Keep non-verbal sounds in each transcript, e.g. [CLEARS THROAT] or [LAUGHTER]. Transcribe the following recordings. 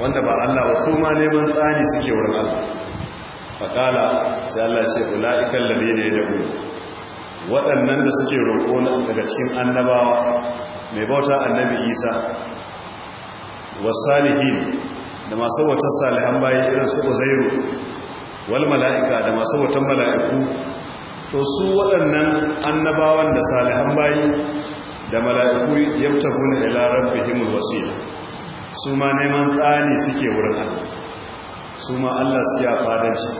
wanda ba Allah ba su ma neman tsani suke wurin Allah faƙala sai Allah ce ula'ikan labe ne da ku waɗannan da suke roƙo daga cikin annabawa mai bauta annabi isa wasalihin da masu wata salihan bayan irin su uzairu wal mala'ika da masu wata mala'iku to su waɗannan annabawan da salihan bayi da mala'iku yabtaguna ila rabbihimul wasila su ma neman tsani suke wurin Allah su ma Allah suke a fadanci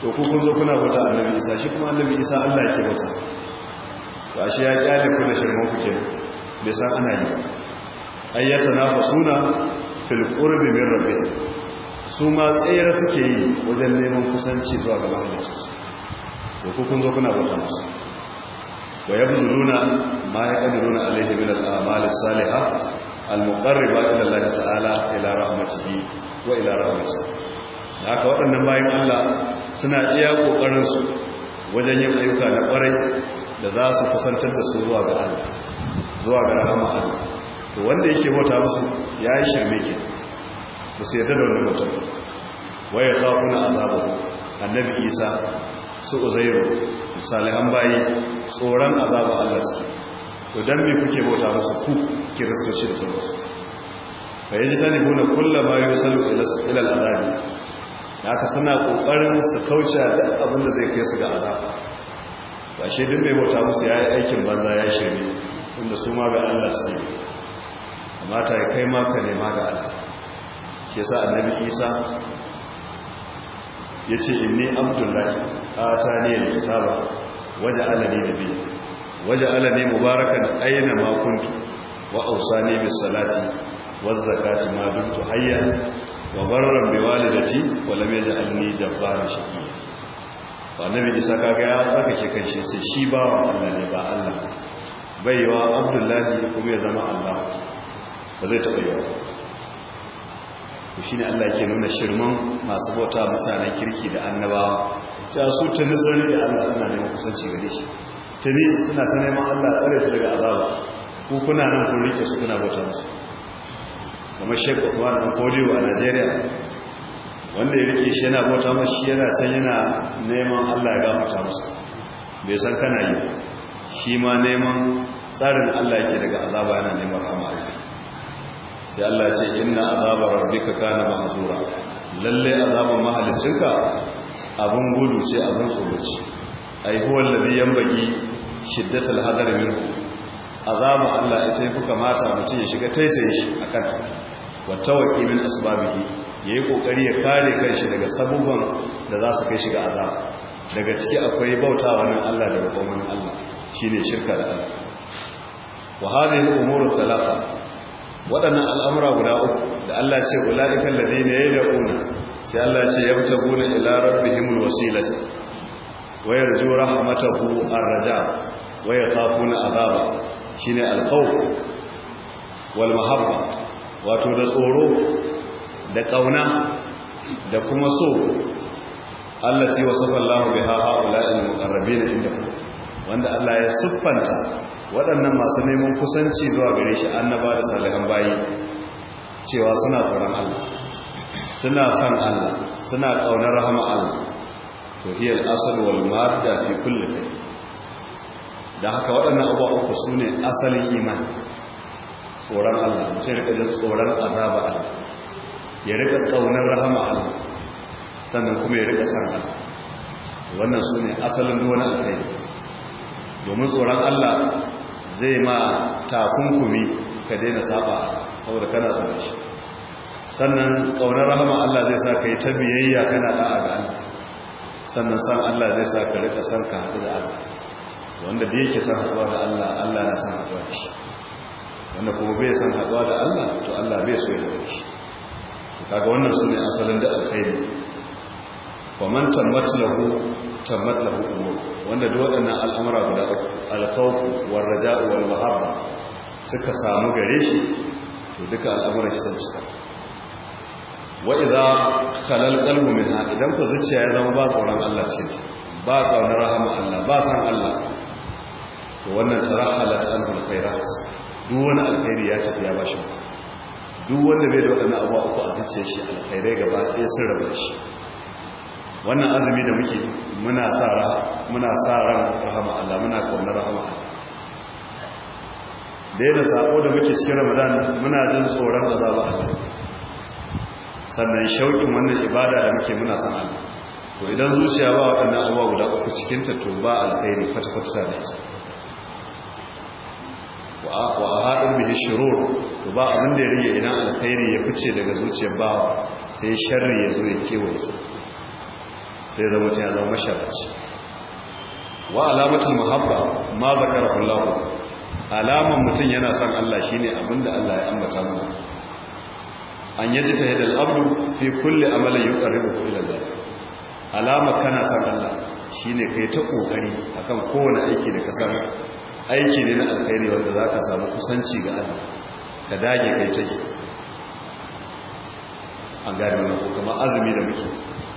to ku kun zo kuna wata annabi isa shi kuma annabi isa Allah yake wata to shi ya kyale ku da shirman ku bai san ana yi ayyata na fasuna fil qurbi min rabbi su ma tsayar suke yi wajen neman kusanci zuwa ga mahaifinsu to ku kun zo kuna wata musu wa yabzuluna ma yaqdiruna alayhi min al-a'mal as-salihah al-muqarriba ila Allah ta'ala ila rahmatihi wa ila rahmatihi haka waɗannan bayan Allah suna iya kokarin su wajen yin ayyuka na ƙwarai da za su kusantar da su zuwa ga Allah zuwa ga rahama Allah to wanda yake bauta musu ya yi shirme ke ba su yarda da wannan mutum waye khafuna azabu annabi Isa su uzairu an bayi tsoron azaba Allah suke to dan me kuke bauta musu ku kiristoci da sauransu fa yaji tani buna kullu ma yusallu ila al-azab aka sana kokarin su kauce da abin da zai kai su ga azaba ba shi duk mai bauta musu yayi aikin banza ya shirme inda su ma ga Allah su ne amma ta kai ma ka nema ga Allah shi yasa annabi Isa yace inni abdullahi atani al-kitaba waja'alani nabiyyan waje ne mubarakan aina ma kuntu wa ausani bis salati waz zakati ma dumtu hayya wa barran bi walidati wa lam yaj'alni jabbaran shaqiya to annabi isa kaga ya tsarkake kanshi sai shi ba Allah ne ba Allah baiwa abdullahi kuma ya zama Allah ba zai taɓa yawa shi ne Allah ke nuna shirman masu bauta mutanen kirki da annabawa ta su ta nazari da Allah suna neman kusanci gare shi tabi suna ta neman Allah tsare su daga azaba ku kuna nan ku rike su kuna bauta musu kamar Sheikh Uthman dan Fodiyo a Najeriya wanda ya rike shi yana bauta musu shi yana san yana neman Allah ya ta musu bai san kana yi shi ma neman tsarin Allah yake daga azaba yana neman rahama sai Allah ce inna azaba rabbika kana mahzura lalle azaban mahalicinka abin gudu ce abin tsoro ce ai huwa alladhi baki shiddatul hadar minhu azaba Allah ya kuka kamata mutum ya shiga taitayin shi akan ta wa waƙi min asbabihi yayi kokari ya kare kanshi daga sabubban da za su kai shiga ga azaba daga ciki akwai bautawa nan Allah da wani Allah shine shirka da Allah wa hadhihi al-umuru thalatha waɗannan al'amura guda uku da Allah ce ula'ikan ladina yad'una sai Allah ce yabtaguna ila rabbihimul wasilati ويرجو رحمته الرجاء ويخافون shi ne الخوف والمحبه wato da tsoro da ƙauna, da kuma so Allah ce wasafa Allahu biha haula'il muqarrabin inda ku. wanda Allah ya siffanta waɗannan masu neman kusanci zuwa gare shi annaba da salihan bayi cewa suna tsoron Allah suna san Allah suna ƙaunar rahama Allah وهي الأصل والمادة في كل فعل da haka waɗannan abuwa uku su ne asalin iman tsoron Allah ce ya rika tsoron azaba Allah ya rika ƙaunar rahama Allah sannan kuma ya rika san Allah wannan su ne asalin duwani alkhairi domin tsoron Allah zai ma takunkumi ka daina saba saboda kana tsoron shi sannan ƙaunar rahama Allah zai sa kai yi ta biyayya kana da'a ga Allah sannan san Allah zai sa ka rika san ka haɗu da Allah wanda da yake san haɗuwa da Allah Allah na san haɗuwa da shi wanda kuma bai san haɗuwa da Allah to Allah bai so ya haɗu kaga wannan su ne asalin da alkhairi wa man tammat lahu tammat lahu umur wanda duk waɗannan al'amura guda uku al-khawf war raja'u wal mahabba suka samu gare shi to duka al'amuran shi sun cika wa idza khalal qalbu minha idan ku zuciya ya zama ba tsoron Allah ce ba kaunar rahama Allah ba san Allah to wannan tarahalat anhu alkhairat duk wani alkhairi ya tafi ya bashi duk wanda bai da wadannan abuwa uku a zuciya shi alkhairai gaba ɗaya sun rabu shi wannan azumi da muke muna sa muna sa ran rahama Allah muna kaunar rahama Allah da yadda sako da muke cikin ramadan muna jin tsoron azaba Allah sannan shauƙin wannan ibada da muke muna san Allah to idan zuciya ba waɗannan abuwa guda uku cikin ta to ba alkhairi kwata kwata ta da ita wa haɗin bihi shirur to ba abin da ya rige idan alkhairi ya fice daga zuciyar ba sai sharri ya zo ya kewaye ta sai zama ta zama masharci wa alamatul muhabba ma zakara Allah alaman mutum yana son Allah shi shine abinda Allah ya ambata mana an yaji ta hidal abu fi kulle amalin yi ƙarfi Allah alama kana san Allah shi ne kai ta ƙoƙari a kan kowane aiki da kasar aiki ne na alkhairi wanda za ka samu kusanci ga Allah ka dage kai ta yi an gari wannan ko kama azumi da muke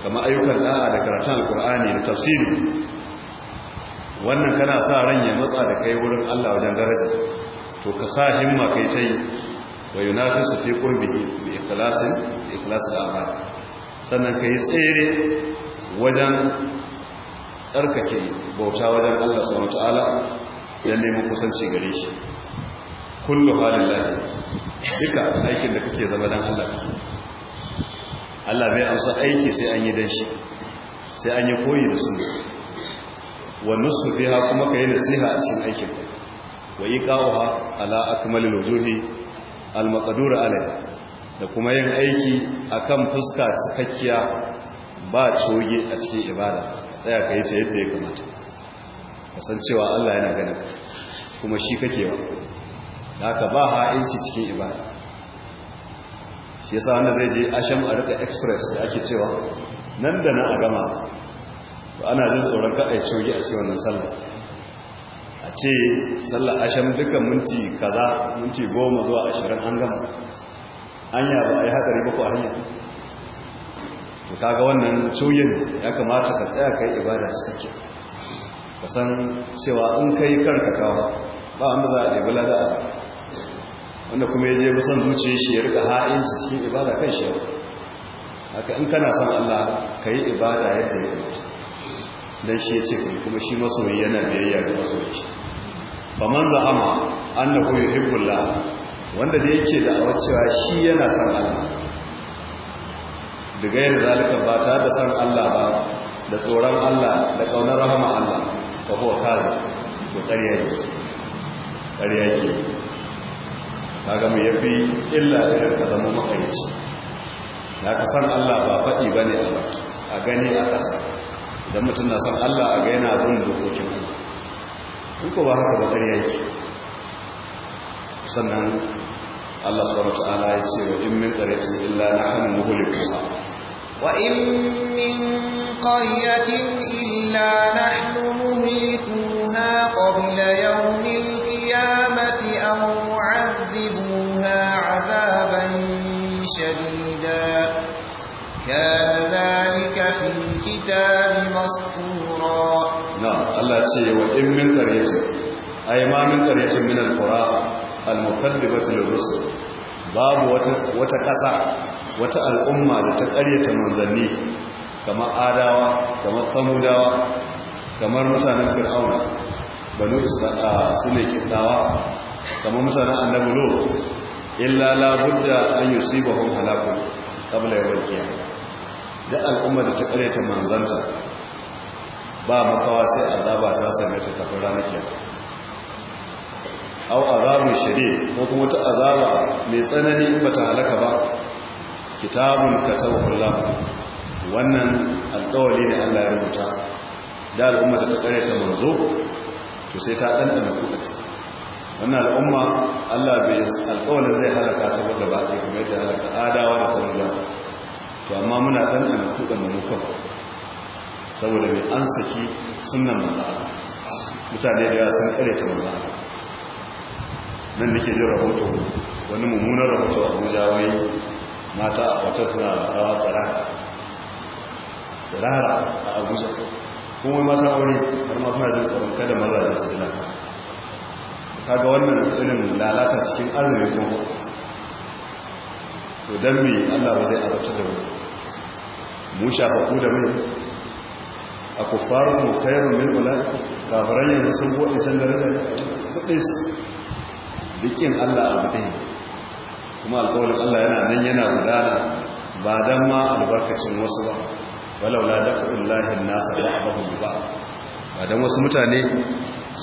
kama ayyukan da'a da karatun alkur'ani da tafsiri wannan kana sa ran ya matsa da kai wurin Allah wajen daraja to ka sa himma kai ta yi wa yunafisu fi qulbihi bi ikilasin, bi ikhlasil a'mal sannan ka yi tsere wajen tsarkake bauta wajen Allah subhanahu wataala dan neman kusanci gare shi kullu halillahi duka aikin da kake zama don Allah Allah bai amsa aiki sai an yi danshi, sai an yi koyi da sunna wa nusu biha kuma yi nasiha a cikin aikin wa yi ha ala akamalin wujuhi al-maqdur alai da kuma yin aiki akan fuska cikakkiya ba coge a cikin ibada tsaya kai ta yadda ya kamata kasancewa Allah yana ganin kuma shi kakewa haka ba ha'inci cikin ibada shi yasa wanda zai je asham a rika express da ake cewa nan da na a gama ana jin tsoron ka a coge a cikin wannan sallah ce sallar ashirin duka minti kaza minti goma zuwa ashirin an gama anya ba a yi haɗari ba ko hanya to kaga wannan cuyin ya kamata ka tsaya kai ibada cikakke ka san cewa in kai karka kawo ba wanda za a ɗabi lada a wanda kuma ya je musan zuciya shi ya rika su cikin ibada kan shi haka in kana son Allah ka yi ibada yadda ya kamata dan shi ya ce kuma shi masoyi yana biyayya da masoyi faman za'ama annahu yuhibbullah wanda da yake da wacewa shi yana san Allah daga yin zalika ba ta da san Allah ba da tsoron Allah da kaunar rahama Allah ba kuwa kaza to ƙarya ce ƙarya ce kaga mai yafi illa irin ka zama makarici da ka san Allah ba faɗi ba ne a a gani a ƙasa idan mutum na san Allah a ga yana bin dokokin ko ba haka ba ƙarya yake sannan Allah subhanahu wataala ya ce wa in min qaryatin illa nahnu muhlikuha wa in min qaryatin illa nahnu muhlikuha qabla yawmil qiyamati aw mu'adhibuha 'adaban shadida kana dhalika fil kitabi mastura na Allah ce wa in min qaryati ay ma min qaryatin min al-qura al-mukadzibati lir-rusul babu wata wata kasa wata al'umma da ta karyata manzanni kamar adawa kamar samudawa kamar mutanen fir'auna banu isra'a sune kiddawa kamar mutanen annabi lut illa la budda an yusibahum halakun qabla yawm al-qiyamah da al'umma da ta karyata manzanta ba makawa sai azaba ta same ta kafin ranar kiyama au azabun shiri ko kuma ta azaba mai tsanani in bata halaka ba kitabun katawullah wannan alƙawari ne Allah ya rubuta da al'umma ta kare ta manzo to sai ta ɗanɗana kuɗata wannan al'umma Allah bai alƙawarin zai halaka ta ba gaba ɗaya kuma yadda halaka adawa da tsarin to amma muna ɗanɗana kuɗa mu kawai saboda mai an saki sunan maza mutane da ya sun kare ta manzo nan nake jin rahoto wani mummunan rahoto Abuja wai mata a wata suna rawa tsara tsirara a Abuja kuma mata aure har ma suna jin tsoron kada maza da su jina kaga wannan irin lalata cikin azumi kuma to don me Allah ba zai azabta da mu mu shafa ku da mai a kuffarun khairun min ulaiku kafiran yanzu sun buɗe san daraja kudin su dukkin Allah a bude kuma alƙawarin Allah yana nan yana gudana ba dan ma albarkacin wasu ba walau la dafa'ullahi an-nasa ba'dahum ba ba dan wasu mutane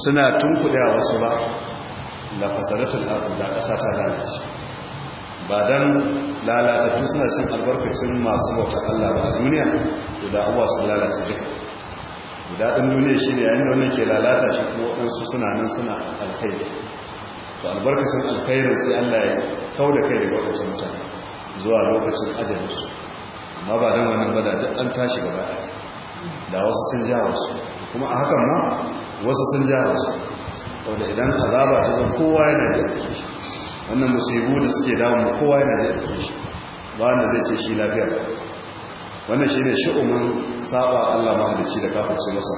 suna tunkuɗe wasu ba da fasadatul ardu da ƙasa ta lalace ba dan lalatattu suna cin albarkacin masu bauta Allah ba a duniya to da abuwa sun lalace duka daɗin duniya shi ne yayin da wannan ke lalata shi kuma waɗansu suna nan suna alkhairi to albarkacin alkhairin sai Allah ya kau da kai daga waɗancan mutane zuwa lokacin ajalinsu amma ba don wannan ba da duk an tashi gaba da wasu sun ja wasu kuma a hakan ma wasu sun ja wasu wanda idan azaba ta zan kowa yana ji a cikin shi wannan musibu da suke damu kowa yana ji a cikin shi ba wanda zai ce shi lafiya ba wannan shine shu'umin saba Allah mahalicci da kafirce masa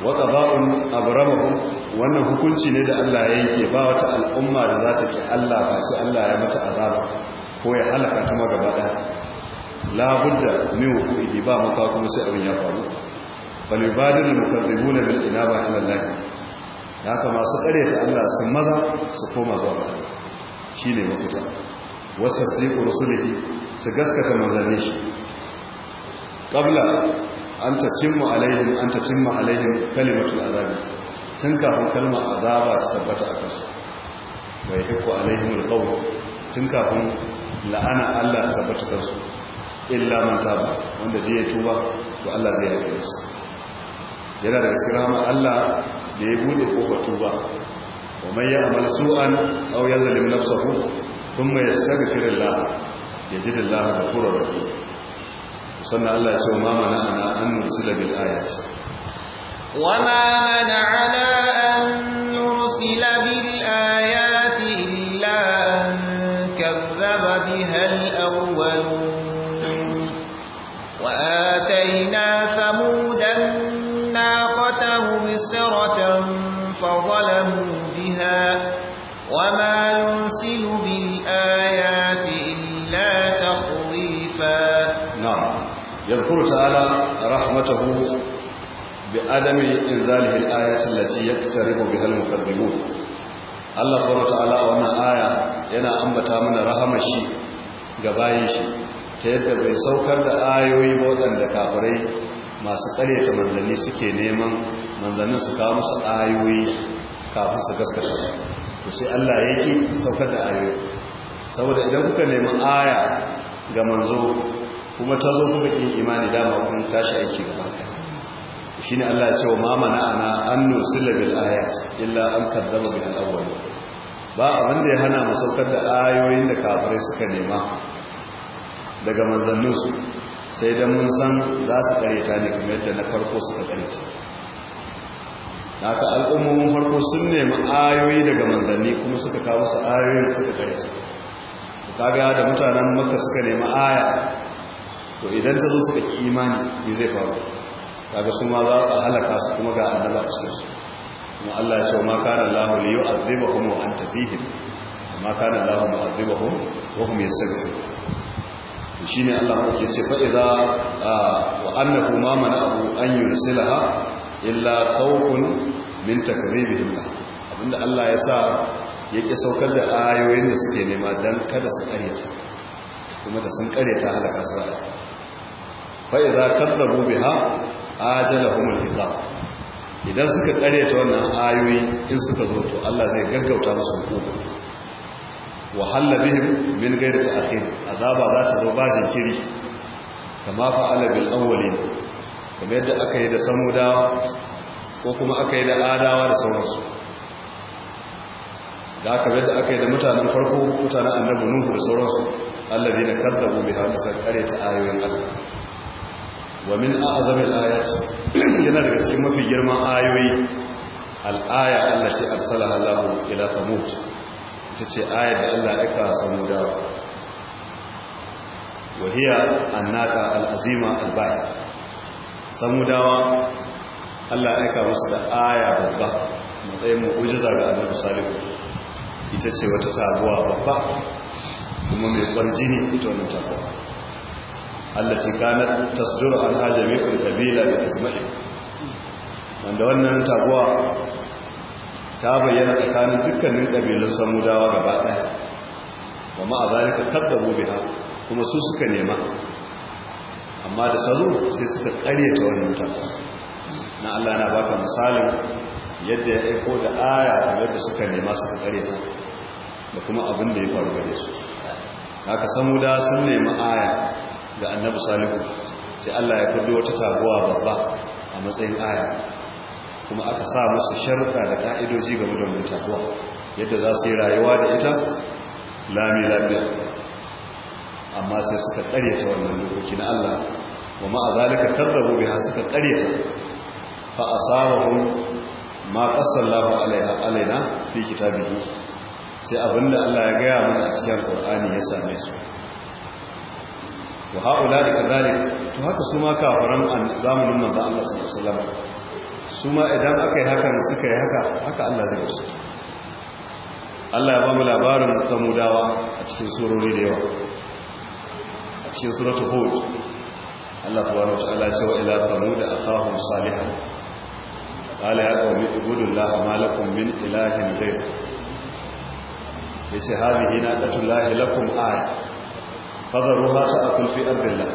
wa qada'un abramahum wannan hukunci ne da Allah ya yanke ba wata al'umma da za ta ki Allah ba Allah ya mata azaba ko ya halaka ta magaba daya la budda min wuqihi ba maka kuma sai abin ya faru bal yubadilu mukazzibuna bil inaba ila Allah haka masu ta Allah sun maza su koma zuwa Shi shine mafita wasu siku rusulihi su gaskata mazane shi ƙabla an ta cimma alaihim an ta cimma kalimatu kalimatul azabi tun kafin kalma azaba su tabbata a kansu bai hikku alaihim alƙawo tun kafin la'ana allah su tabbata kansu illa man taba wanda zai tuba to allah zai haifar su yana da gaske rama allah da ya buɗe ƙofar tuba wa mai yi amal su'an au ya zalim ko? sun mai yastaghfir Allah yajid Allah ghafurur rahim sannan Allah ya ce ma mana ana an da bil ayati wa يذكر ta'ala رحمته bi adami الآية التي يكترب بها المقدمون الله al-mukaththibun Allah subhanahu wa ta'ala wannan aya yana ambata mana rahamar shi ga bayin shi ta yadda bai saukar da ayoyi ba waɗanda kafirai masu ƙaryata manzanni suke neman manzannin su kawo musu ayoyi kafin su gaskata su. sai Allah yake saukar da ayoyi saboda idan kuka nemi aya ga manzo kuma ta zo kuma kin imani dama kun tashi aiki ba shi ne Allah ya ce wa mamana ana an nusila bil ayat illa an kaddama bil awwal ba wanda ya hana mu saukar da ayoyin da kafirai suka nema daga manzanninsu sai dan mun san za su kareta ne kamar yadda na farko suka kareta haka al'ummomin farko sun nemi ayoyi daga manzanni kuma suka kawo su ayoyin suka ta kaga da mutanen makka suka nemi aya to idan ta zo suka kimani ne zai faru kaga su ma za a halaka su kuma ga annabi a cikin su kuma Allah ya ce ma kana Allahu li yu'adhibahum wa anta fihim ma kana Allahu mu'adhibahum wa hum yastaghfirun shine Allah ke ce fa idza wa annahu ma abu an yursilaha illa khawfun min takdhibihim abinda Allah ya sa yake saukar da ayoyin da suke nema dan kada su ta kuma da sun ta halaka su fa idza kadzabu biha ajalahum al-iqab idan suka ta wannan ayoyi in suka zo to Allah zai gaggauta musu hukuma wa halla bihim min ghairi ta'khir azaba za ta zo ba jinkiri kama fa'ala bil awwalin kamar yadda aka yi da samudawa ko kuma aka yi da adawa da sauransu da aka yadda aka yi da mutanen farko mutanen annabi nuhu da sauransu allazi na kadzabu bi hadisa qaryata ayoyin Allah wa min a'zamil ayat [CLEARS THROAT] yana daga cikin mafi girman ayoyi al-aya allati arsalaha Allahu ila samud ita ce ayar da Allah ya aika samudawa wa hiya annaka al-azima al-ba'id Allah ya aika musu da babba matsayin mu'jiza ga Annabi Salihu ita ce wata sabuwa babba kuma mai kwarjini ita allaci kanar tasdura an hajami'ul kabila da isma'il wanda wannan taguwa ta bayyana tsakanin dukkanin kabilun samudawa gaba daya ba ma ka kaddabu biha kuma su suka nema amma da sazo sai suka karyata wannan taguwa na Allah na baka misalin yadda ya aiko da aya yadda suka nema suka karyata da kuma abin da ya faru gare su haka samuda sun nemi aya ga annabi salihu sai Allah ya kulli wata taguwa babba a matsayin aya kuma aka sa musu sharuka da ka'idoji game da wannan taguwa yadda za su yi rayuwa da ita lami lafiya amma sai suka ta wannan dokoki na Allah wa ma'a zalika karrabu biha suka ta? fa asabahum ma qasallahu alaiha alaina fi kitabihi sai abinda Allah ya gaya mana a cikin Qur'ani ya same su wa haula da kazalik to haka su ma kafaran zamanin manzo Allah sallallahu alaihi wasallam su idan aka yi hakan suka yi haka haka Allah zai musu Allah ya ba mu labarin samudawa a cikin surori da yawa a cikin suratul hud Allah tabaraka wa ta'ala ce wa ila samuda akhahum salihan qala ya qawmi ibudullaha ma lakum min ilahin ghayr yace hadhihi naqatul lakum ayah fadaruha sa'akul fi ya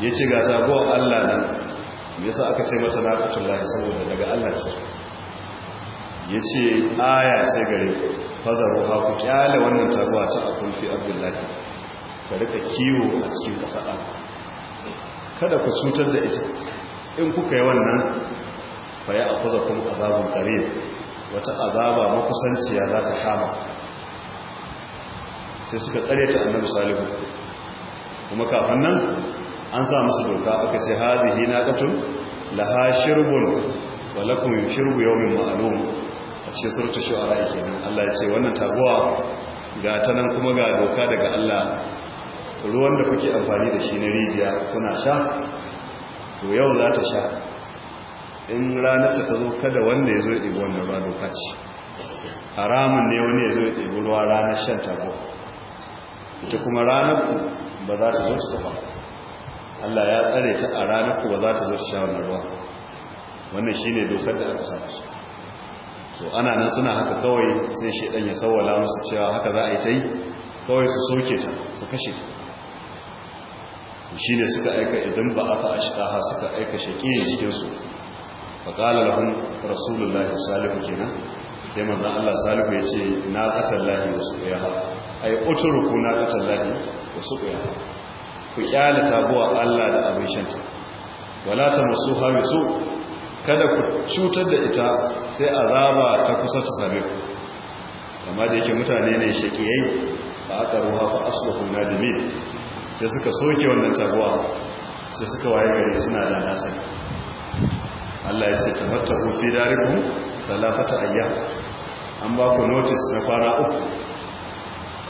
yace ga taguwar Allah ya yasa aka ce masa na naqatullahi saboda daga Allah ce yace aya ce gare fadaruha ku kyale wannan taguwa ta akul fi ardillah ka rika kiwo a cikin ƙasa kada ku cutar da ita in kuka yi wannan fa ya akuza kuma azabun kare wata azaba makusanciya za ta kama sai suka tsare ta annabi salihu kuma kafin nan an sa musu doka aka ce hazihi katun laha shirbun wa lakum yau yawmin ma'lum a cikin surta shu'ara kenan Allah ya ce wannan taguwa ga ta nan kuma ga doka daga Allah ruwan da kuke amfani da shi na rijiya kuna sha to yau za ta sha in ranar ta zo kada wanda ya zo ya ɗibi wannan ruwa doka ce haramun ne wani ya zo ya ɗibi ruwa ranar shan taguwa ita kuma ranar ba za ta zo ta Allah ya tsare ta a ranar ba za ta zo ta sha wannan ruwa wannan shine dokar da aka samu su so ana nan suna haka kawai sai shedan ya sawwala musu cewa haka za a yi ta yi kawai su soke ta su kashe ta shi ne suka aika idan ba aka ashkaha suka aika shaƙiyar jikinsu faƙalar hun rasulullahi salihu kenan sai mazan allah salihu ya ce na katar lahi wasu ya haka ai utruku na ko su suqiya ku kyala tabuwa Allah da abin shanta wala ta tamassuha su, kada ku cutar da ita sai azaba ta kusa ta same ku amma da yake mutane ne shakiyai ba aka ruha ku asluhu nadimin sai suka soke wannan tabuwa sai suka waye gari suna da nasai Allah ya ce ku fi darikum lafata ayyam an ba ku notice na kwana uku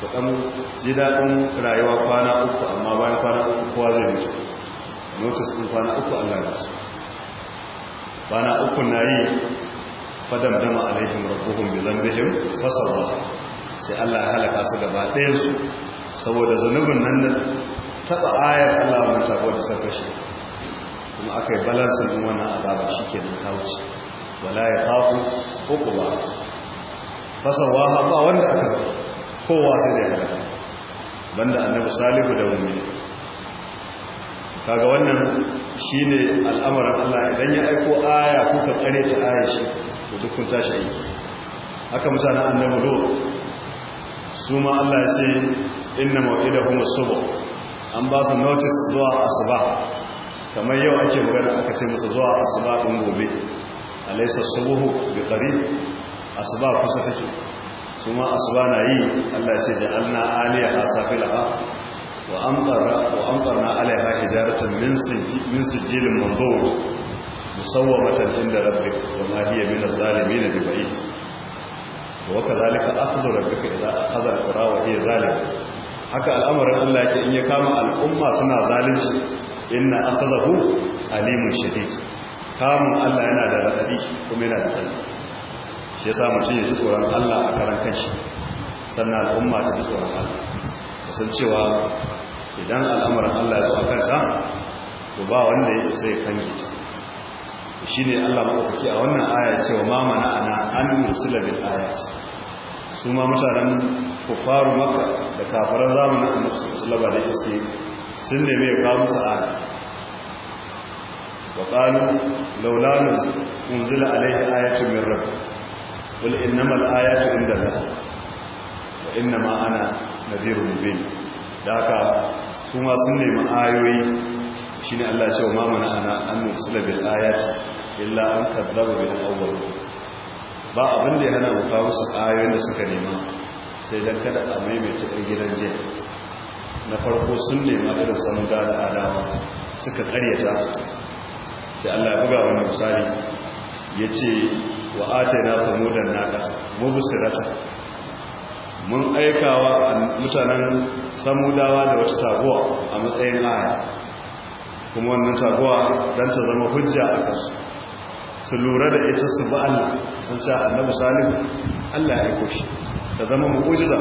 ka ɗan ji daɗin rayuwa kwana uku amma bayan kwana uku kowa zai mutu notice ɗin kwana uku allah ya su kwana uku na yi fadam dama alaihim rabuhun bi zambihim fasarwa sai allah ya halaka su gaba ɗayan su saboda zunubin nan da taɓa ayar allah mun tafi wata sarkashi kuma aka yi balansin ɗin wannan azaba shi ke da ta wuce wala ya kafu ko kuma fasarwa ba wanda aka rufe kowa sai da halaka banda annabi salihu da wani kaga wannan shine al'amarin Allah idan ya aiko aya ka kare ta aya shi to duk kun tashi aiki haka mutanen annabi do su ma Allah ya ce inna maw'idahum as-subh an ba su notice zuwa asuba kamar yau ake magana aka ce musu zuwa asuba din gobe alaysa subuhu bi qarib asuba kusa take su ma asuba na yi Allah ce ja'alna aliyaha safilaha wa amtarna wa amtarna alaiha hijaratan min sijil min sijilin mandur musawwamatan inda rabbik wa ma hiya min adh-dhalimin bi ba'id wa kadhalika akhdhu duka idha akhadha al-qura wa hiya zalim haka al'amarin Allah yake in ya kama al'umma suna zalunci inna akhdahu alimun shadid kamun Allah yana da radadi kuma yana da tsari shi yasa mutum ya ji tsoron Allah a karan kanshi sannan al'umma ta ji tsoron Allah kasan cewa idan al'amuran Allah ya zo kansa to ba wanda ya isa ya kange ta shi ne Allah maɗaukaki a wannan aya cewa ma mana ana an mursila bil ayat su ma mutanen kufaru maka da kafaran zamanin annabi sallallahu alaihi da iske sun ne ya kawo musu aya وقالوا لولا نزل Alayhi, ayatun min ربه qul innamal ayatu indallah wa innama ana nadhirun mubin da haka kuma sun nemi ayoyi shine Allah ya ce wa mamana ana an nursila bil ayati illa an kadzaba bil awwal ba abin da ya hana mu kawo su ayoyin da suka nema sai dan kada a maimaita ɗan gidan jiya na farko sun nema irin samun da adawa suka karyata sai Allah ya buga wani misali ya ce wa atayna samudan naqata mubsirata mun aikawa mutanen samudawa da wata taguwa a matsayin aya kuma wannan taguwa dan ta zama hujja a kansu su lura da ita su ba Allah sun ce annabi salim Allah ya aiko shi ta zama mu'jiza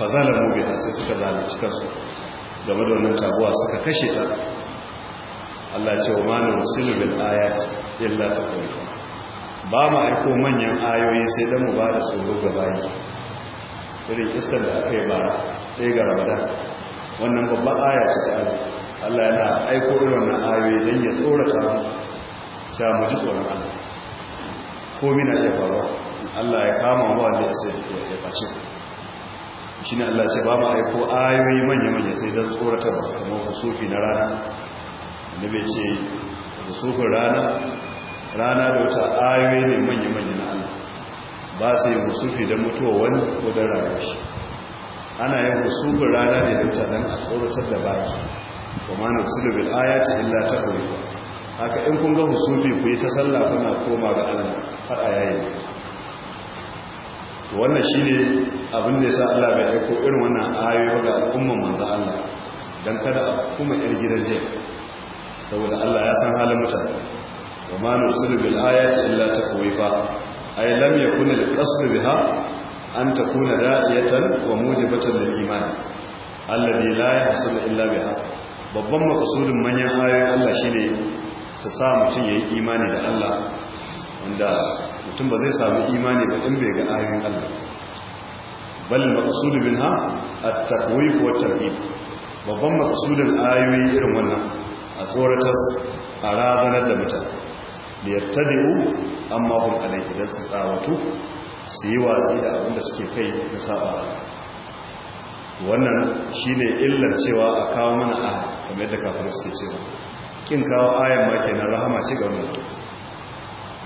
fa zalamu bi sai suka cikin kansu game da wannan taguwa suka kashe ta Allah ce wa manu nursilu bil ayati illa taqwa ba mu aiko manyan ayoyi sai don mu ba da tsoro ga bayi irin iskar da aka yi ba ɗaya ga ramadan wannan babban aya ce ta Allah yana aiko irin wannan ayoyi don ya tsorata mu Sa mu ji tsoron Allah ko mina ya faruwa Allah ya kama mu wanda ya sai ya face shi ne Allah ce ba mu aiko ayoyi manya-manya sai don tsorata ba? kamar kusufi na rana annabi ce kusufin rana rana da wata ayoyi ne manya-manya na Allah ba su yi musufi da mutuwa wani ko da rayuwa shi ana yin musufin rana ne da wata don a tsoratar da baki kuma na sulubin ayati illa ta haka in kun ga musufi ku yi ta sallah kuna koma ga Allah har a yayi wannan shi ne abin da ya sa Allah bai aiko irin wannan ayoyi ga al'umman manzan Allah don kada kuma 'yar gidan jiya saboda Allah ya san halin mutane وما نرسل بالآيات إلا ayati illa لم يكن القصد بها al تكون biha an takuna الذي wa يحصل إلا بها illa biha babban makasudin manyan ayoyin Allah ne su sa mutum yi imani da Allah wanda mutum ba zai samu imani ba in bai ga ayoyin Allah bal babban ayoyi irin wannan a tsoratar a razanar da mutane an amma a laifin don su tsawatu su yi watsi da abinda suke kai na saba wannan shi ne illar cewa a kawo mana a kamar da kafin suke cewa kin kawo ayan ma na rahama ce ga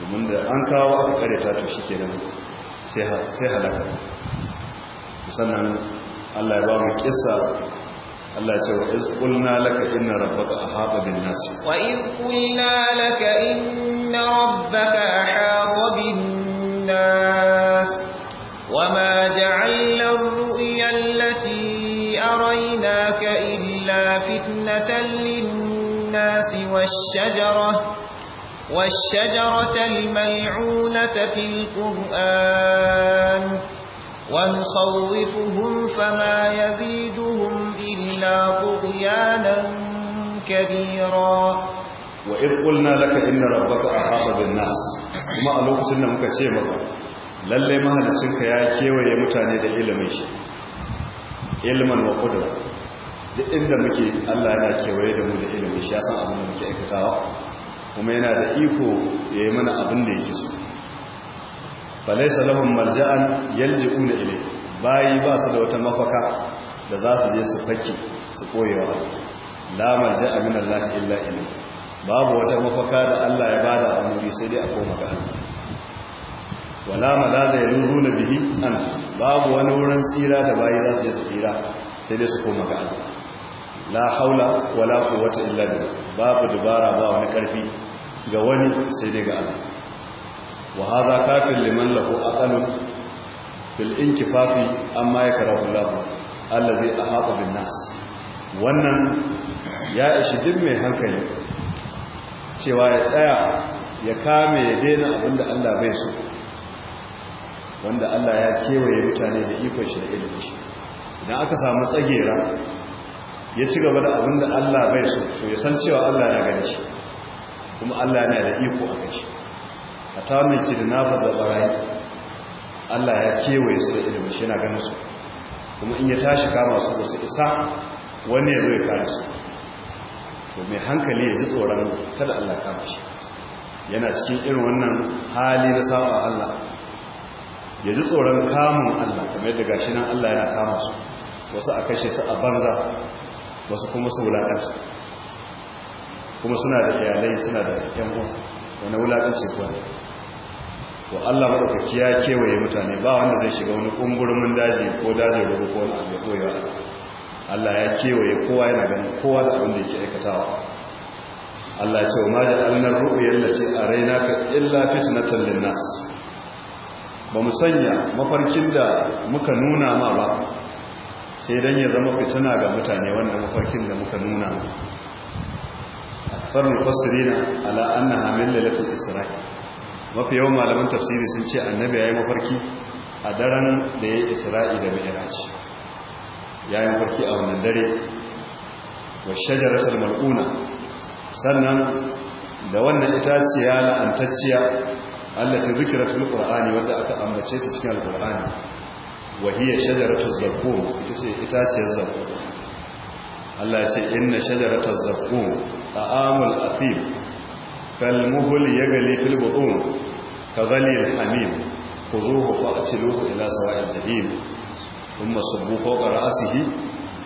domin da an kawo aka ta to shi ke sai sai halaka sannan Allah ya ba mu kisa Allah ce wa iz qulna laka inna rabbaka ahata bin nas wa iz qulna laka inna rabbaka ahata bin nas wama ja'alna ar-ru'ya allati araynaka illa fitnatan lin-nas wash-shajarah والشجرة الملعونة في القرآن ونخوفهم فما يزيدون إلا طغيانا كبيرا وإذ قلنا na. Kuma a lokacin da muka ce سنة lallai lalle mahaliccinka ya kewaye mutane da ilimin ilimin wa kudura duk inda muke Allah yana kewaye da mu da ilimi shi ya san abin da muke aikatawa kuma yana da iko ya yi mana abin da yake so falaisa lahum marja'an yalji'una ilayhi bayi ba su da wata mafaka da za su je su fake su koyewa la ji min Allah illa ilayhi babu wata mafaka da Allah ya bada amuri sai dai a koma ga Allah wala malaza na bihi an babu wani wurin tsira da bayi za su yi tsira sai dai su koma ga Allah la haula wala quwwata illa billah babu dubara ba wani karfi ga wani sai dai ga Allah wa hadha kafin liman lahu aqalun fil inkifafi amma yakrahu Allah allazi ahata bin nas wannan ya ishi duk mai hankali cewa ya tsaya ya kame ya daina abinda Allah bai so wanda Allah ya kewaye mutane da ikon shi da ilimci shi idan aka samu tsagera ya ci gaba da abinda Allah bai so to ya san cewa Allah ya gani shi kuma Allah yana da iko a kai a ta wannan ci da na ɓarayi Allah ya kewaye su da ilimci shi yana ganin su kuma in ya tashi kama su wasu su isa wani ya zo ya kare su to mai hankali ya ji tsoron kada Allah kama shi yana cikin irin wannan hali na sawa Allah ya ji tsoron kamun Allah kamar yadda gashi nan Allah yana kama su wasu a kashe su a banza wasu kuma su wulaƙanta kuma suna da iyalai suna da yan uwa wani wulaƙanci kuwa to Allah madaukaki ya kewaye mutane ba wanda zai shiga wani kumburumin daji ko dajin rubu ko wani abu ya koyewa Allah ya kewaye kowa yana ganin kowa da abin da yake aikatawa Allah ya ce wa maji alnar ru'uyar yalla ce a raina ka illa fitnatan nas. ba mu sanya mafarkin da muka nuna ma ba sai dan ya zama fitina ga mutane wannan mafarkin da muka nuna ma farin fasirina ala annaha min lailatul isra'i mafi yawan malaman tafsiri sun ce annabi ya yi mafarki a daren da yayi isra'i da mi'raj ya yi mafarki a wannan dare wa shajaratul mal'una sannan da wannan itaciya la'antacciya allati zikrat fil qur'ani wadda aka ambace ta cikin alqur'ani wa hiya ta zaqqum ita ce itaciyar zaqqum Allah ya ce inna shajaratul zaqqum a athim kal muhl yaghli fil butun kadhali al hamim khuzuhu fa'tiluhu ila sawa'il jahim thumma sabbu fawqa ra'sihi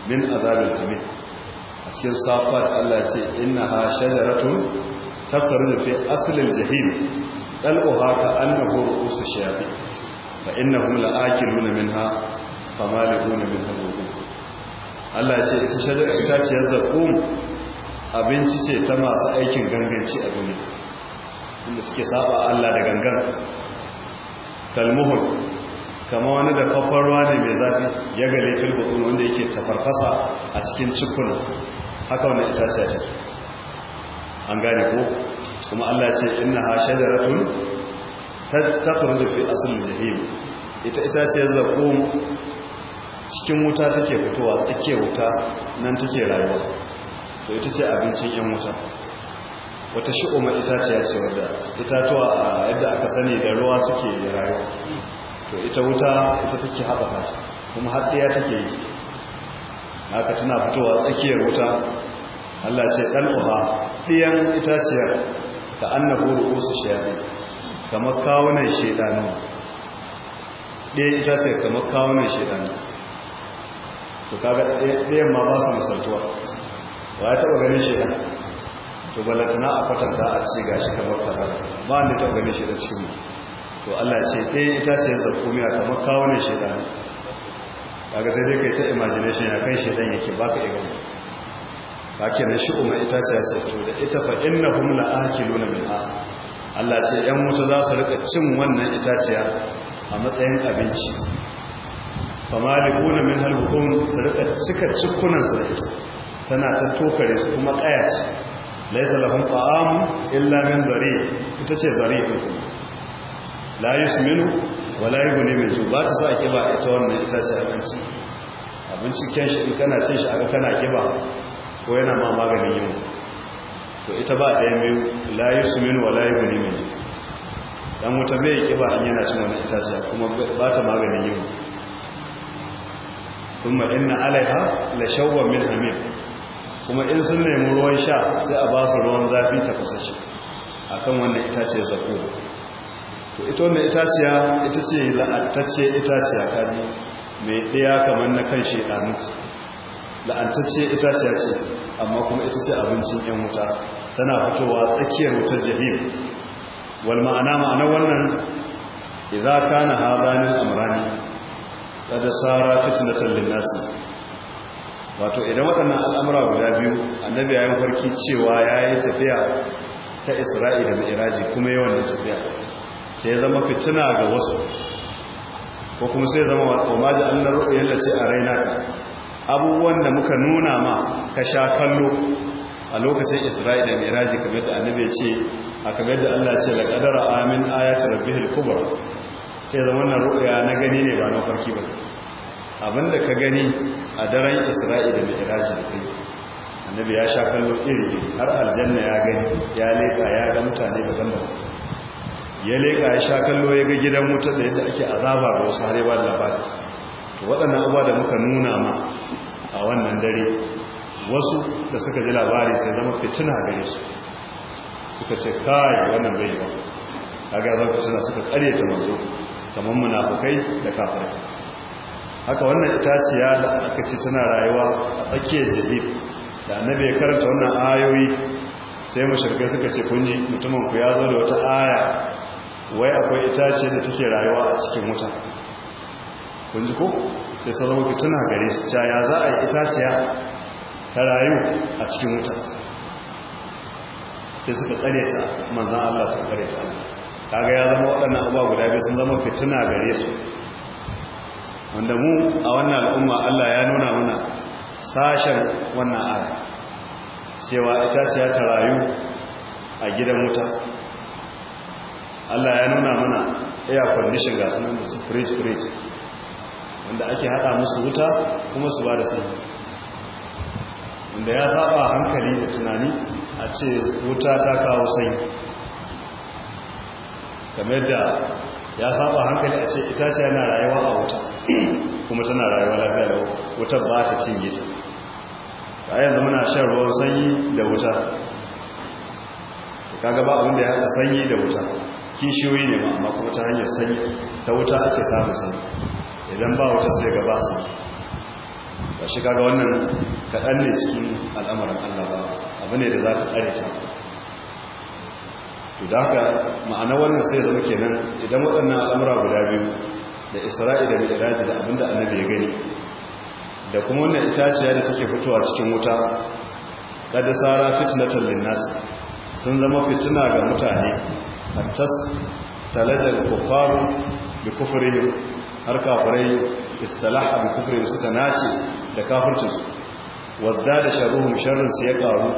min a azabil kame. a cikin safat Allah ya ce innaha shajaratun da fi aslil jahim dal'uha ka annahu ru'usu shayatin fa innahum la'akiluna minha famalikuna minha al-wuqud Allah ya ce ita shajara ita ce zakum abinci ce ta masu aikin ganganci a duniya inda suke saba Allah da gangan kalmuhul kama wani da kafar ruwa ne mai zafi ya gale filbutun wanda yake tafarfasa a cikin cikuna haka wani itaciya ce an gane ko kuma Allah ce inna ha shajaratun da fi asl jahim ita itaciyar zakum cikin wuta take fitowa tsakiyar wuta nan take rayuwa to ita ce abincin yan wuta wata mai itaciya ce wadda itatuwa yadda aka sani da ruwa suke rayuwa to ita wuta ita take haɓaka ta kuma haɗiya take yi haka tana fitowa tsakiyar wuta Allah ce ɗan uha ɗiyan itaciyar ta annabu ru'usu shayaɗi kamar kawunan shaidanu ɗiyan itaciyar kamar kawunan shaidanu to kaga ɗiyan ma ba su misaltuwa ba ya taɓa ganin shaidan to balatana a kwatanta a ci gashi kamar kaza ba ni taɓa ganin shaidan cikin mu to Allah ce ɗaya itaciyar zarkumiya kamar kawunan shaidan daga sai dai kai ta imagination ya kan shaidan yake baka iya gani ke na shi umar ita ce to da ita fa inna hum la akiluna ha Allah ce 'yan wuta za su rika cin wannan itaciya a matsayin abinci fa malikuna min halbukum su rika cika cikunan su da ita tana ta tokare su kuma kaya ce laysa lahum ta'amu illa min zari ita ce zari kuma la minu wa la yi min mai ba ta sa kiba ita wannan ita ce abinci abinci kyan shi in kana cin shi aka kana kiba ko yana ma maganin yunwa to ita ba ɗaya mai la minu wa la yi min mai dan wuta bai kiba in yana cin wannan ita ce kuma ba ta maganin yunwa kuma inna alaiha la shawwa min hamim kuma in sun nemi ruwan sha sai a ba su ruwan zafi ta kusashi akan wannan itace zakuwa. to ita wannan itaciya ita ce la'antacce itaciya kaji mai ɗaya kamar na kan shekaru la'antacce itaciya ce amma kuma ita ce abincin 'yan wuta tana fitowa tsakiyar wutar jahim wal ma'ana ma'ana wannan idza kana hadanin amrani kada sara tallin nasi. wato idan waɗannan al'amura guda biyu annabi yayin farki cewa yayin tafiya ta Isra'i da Mi'raji kuma yawan tafiya sai zama fitina ga wasu ko kuma sai zama wa ma ji annar ruɓe yallace a raina ka abubuwan da muka nuna ma ka sha kallo a lokacin isra'i da miraji kamar yadda annabi ce a kamar yadda allah ce da kadara amin ayat rabbihil kubra sai zama wannan ruɓe na gani ne ba na farki ba abinda ka gani a daren isra'i da miraji da kai annabi ya sha kallo iri har aljanna ya gani ya leka ya ga mutane daban-daban ya leƙa ya sha kallo ya ga gidan wuta da yadda ake azaba da wasu har ba da labari waɗannan abuwa da muka nuna ma a wannan dare wasu da suka ji labari sai zama fitina gare su suka ce kai wannan bai ba a gazan fitina suka karyata manzo kamar munafukai da kafirai haka wannan itaciya da aka ce tana rayuwa a tsakiyar jihif da annabi ya karanta wannan ayoyi sai mashirkai suka ce kunji mutumin ku ya zo da wata aya wai akwai itace da take rayuwa a cikin wuta kun ji ko sai sa zama tuna gare su ya za a yi itaciya ta rayu a cikin wuta sai suka tsare ta manzan Allah suka tsare ta kaga ya zama waɗannan abuwa guda biyu sun zama fitina gare su wanda mu a wannan al'umma Allah ya nuna muna sashen wannan aya cewa itaciya ta rayu a gidan wuta Allah ya nuna mana air condition ga sunan da su fridge fridge wanda ake hada musu wuta kuma su ba da sanyi wanda ya saba hankali da tunani a ce wuta ta kawo sanyi kamar da ya saba hankali a ce itace yana rayuwa a wuta [CLEARS THROAT] kuma tana rayuwa lafiya da wuta ba ta cinye ta a yanzu muna shan ruwan sanyi da wuta kaga ba abin da ya haɗa sanyi da wuta kishiyoyi ne amma kuma ta hanyar sani ta wuta ake samun sani idan ba wuta sai gaba sanyi ba shi kaga wannan kaɗan ne cikin al'amuran allah ba abu ne da za ka tsare ta to daga ma'ana wannan sai zama kenan idan waɗannan al'amura guda biyu da isra'i da mai da abinda annabi ya gani da kuma wannan itaciya da take fitowa cikin wuta kada sara fitnatan linnas sun zama fitina ga mutane hattas talajar kufaru da kufurin har kafirai istalaha bi su suka nace da kafircinsu wadda da sharuhun sharrinsu ya karu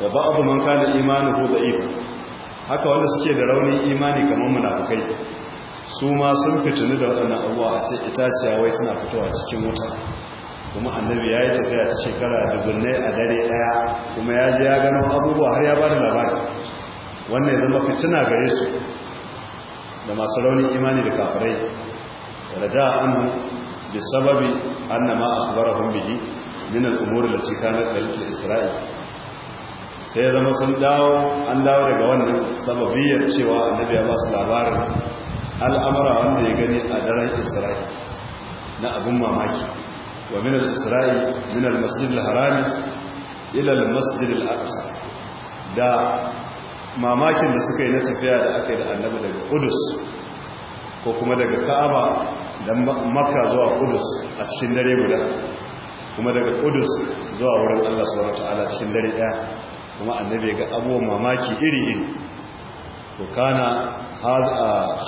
wa abu man ko da ihu haka wanda suke da raunin imani kamar munafukai su ma sun fitini da waɗannan abuwa a ce itaciya wai suna fitowa cikin wuta kuma annabi ya yi tafiya ta shekara dubbinai a dare ɗaya kuma ya ji ya gano abubuwa har ya ba da labari wannan ya zama fitina gare su da masu raunin imani da kafirai raja an bi sababi anna ma akhbarahum bihi min al-umur allati kanat dalil isra'il sai ya zama sun dawo an dawo daga wannan sababiyar cewa annabi ya ba su labarin al'amara wanda ya gani a daren isra'il na abin mamaki wa min israil minar al-masjid al-harami al-masjid al-aqsa da mamakin da suka yi na tafiya da aka yi da annabi daga kudus ko kuma daga ka'aba da maka zuwa kudus a cikin dare guda kuma daga kudus zuwa wurin allah sauran ta'ala cikin dare daya kuma annabi ga abubuwan mamaki iri-iri to kana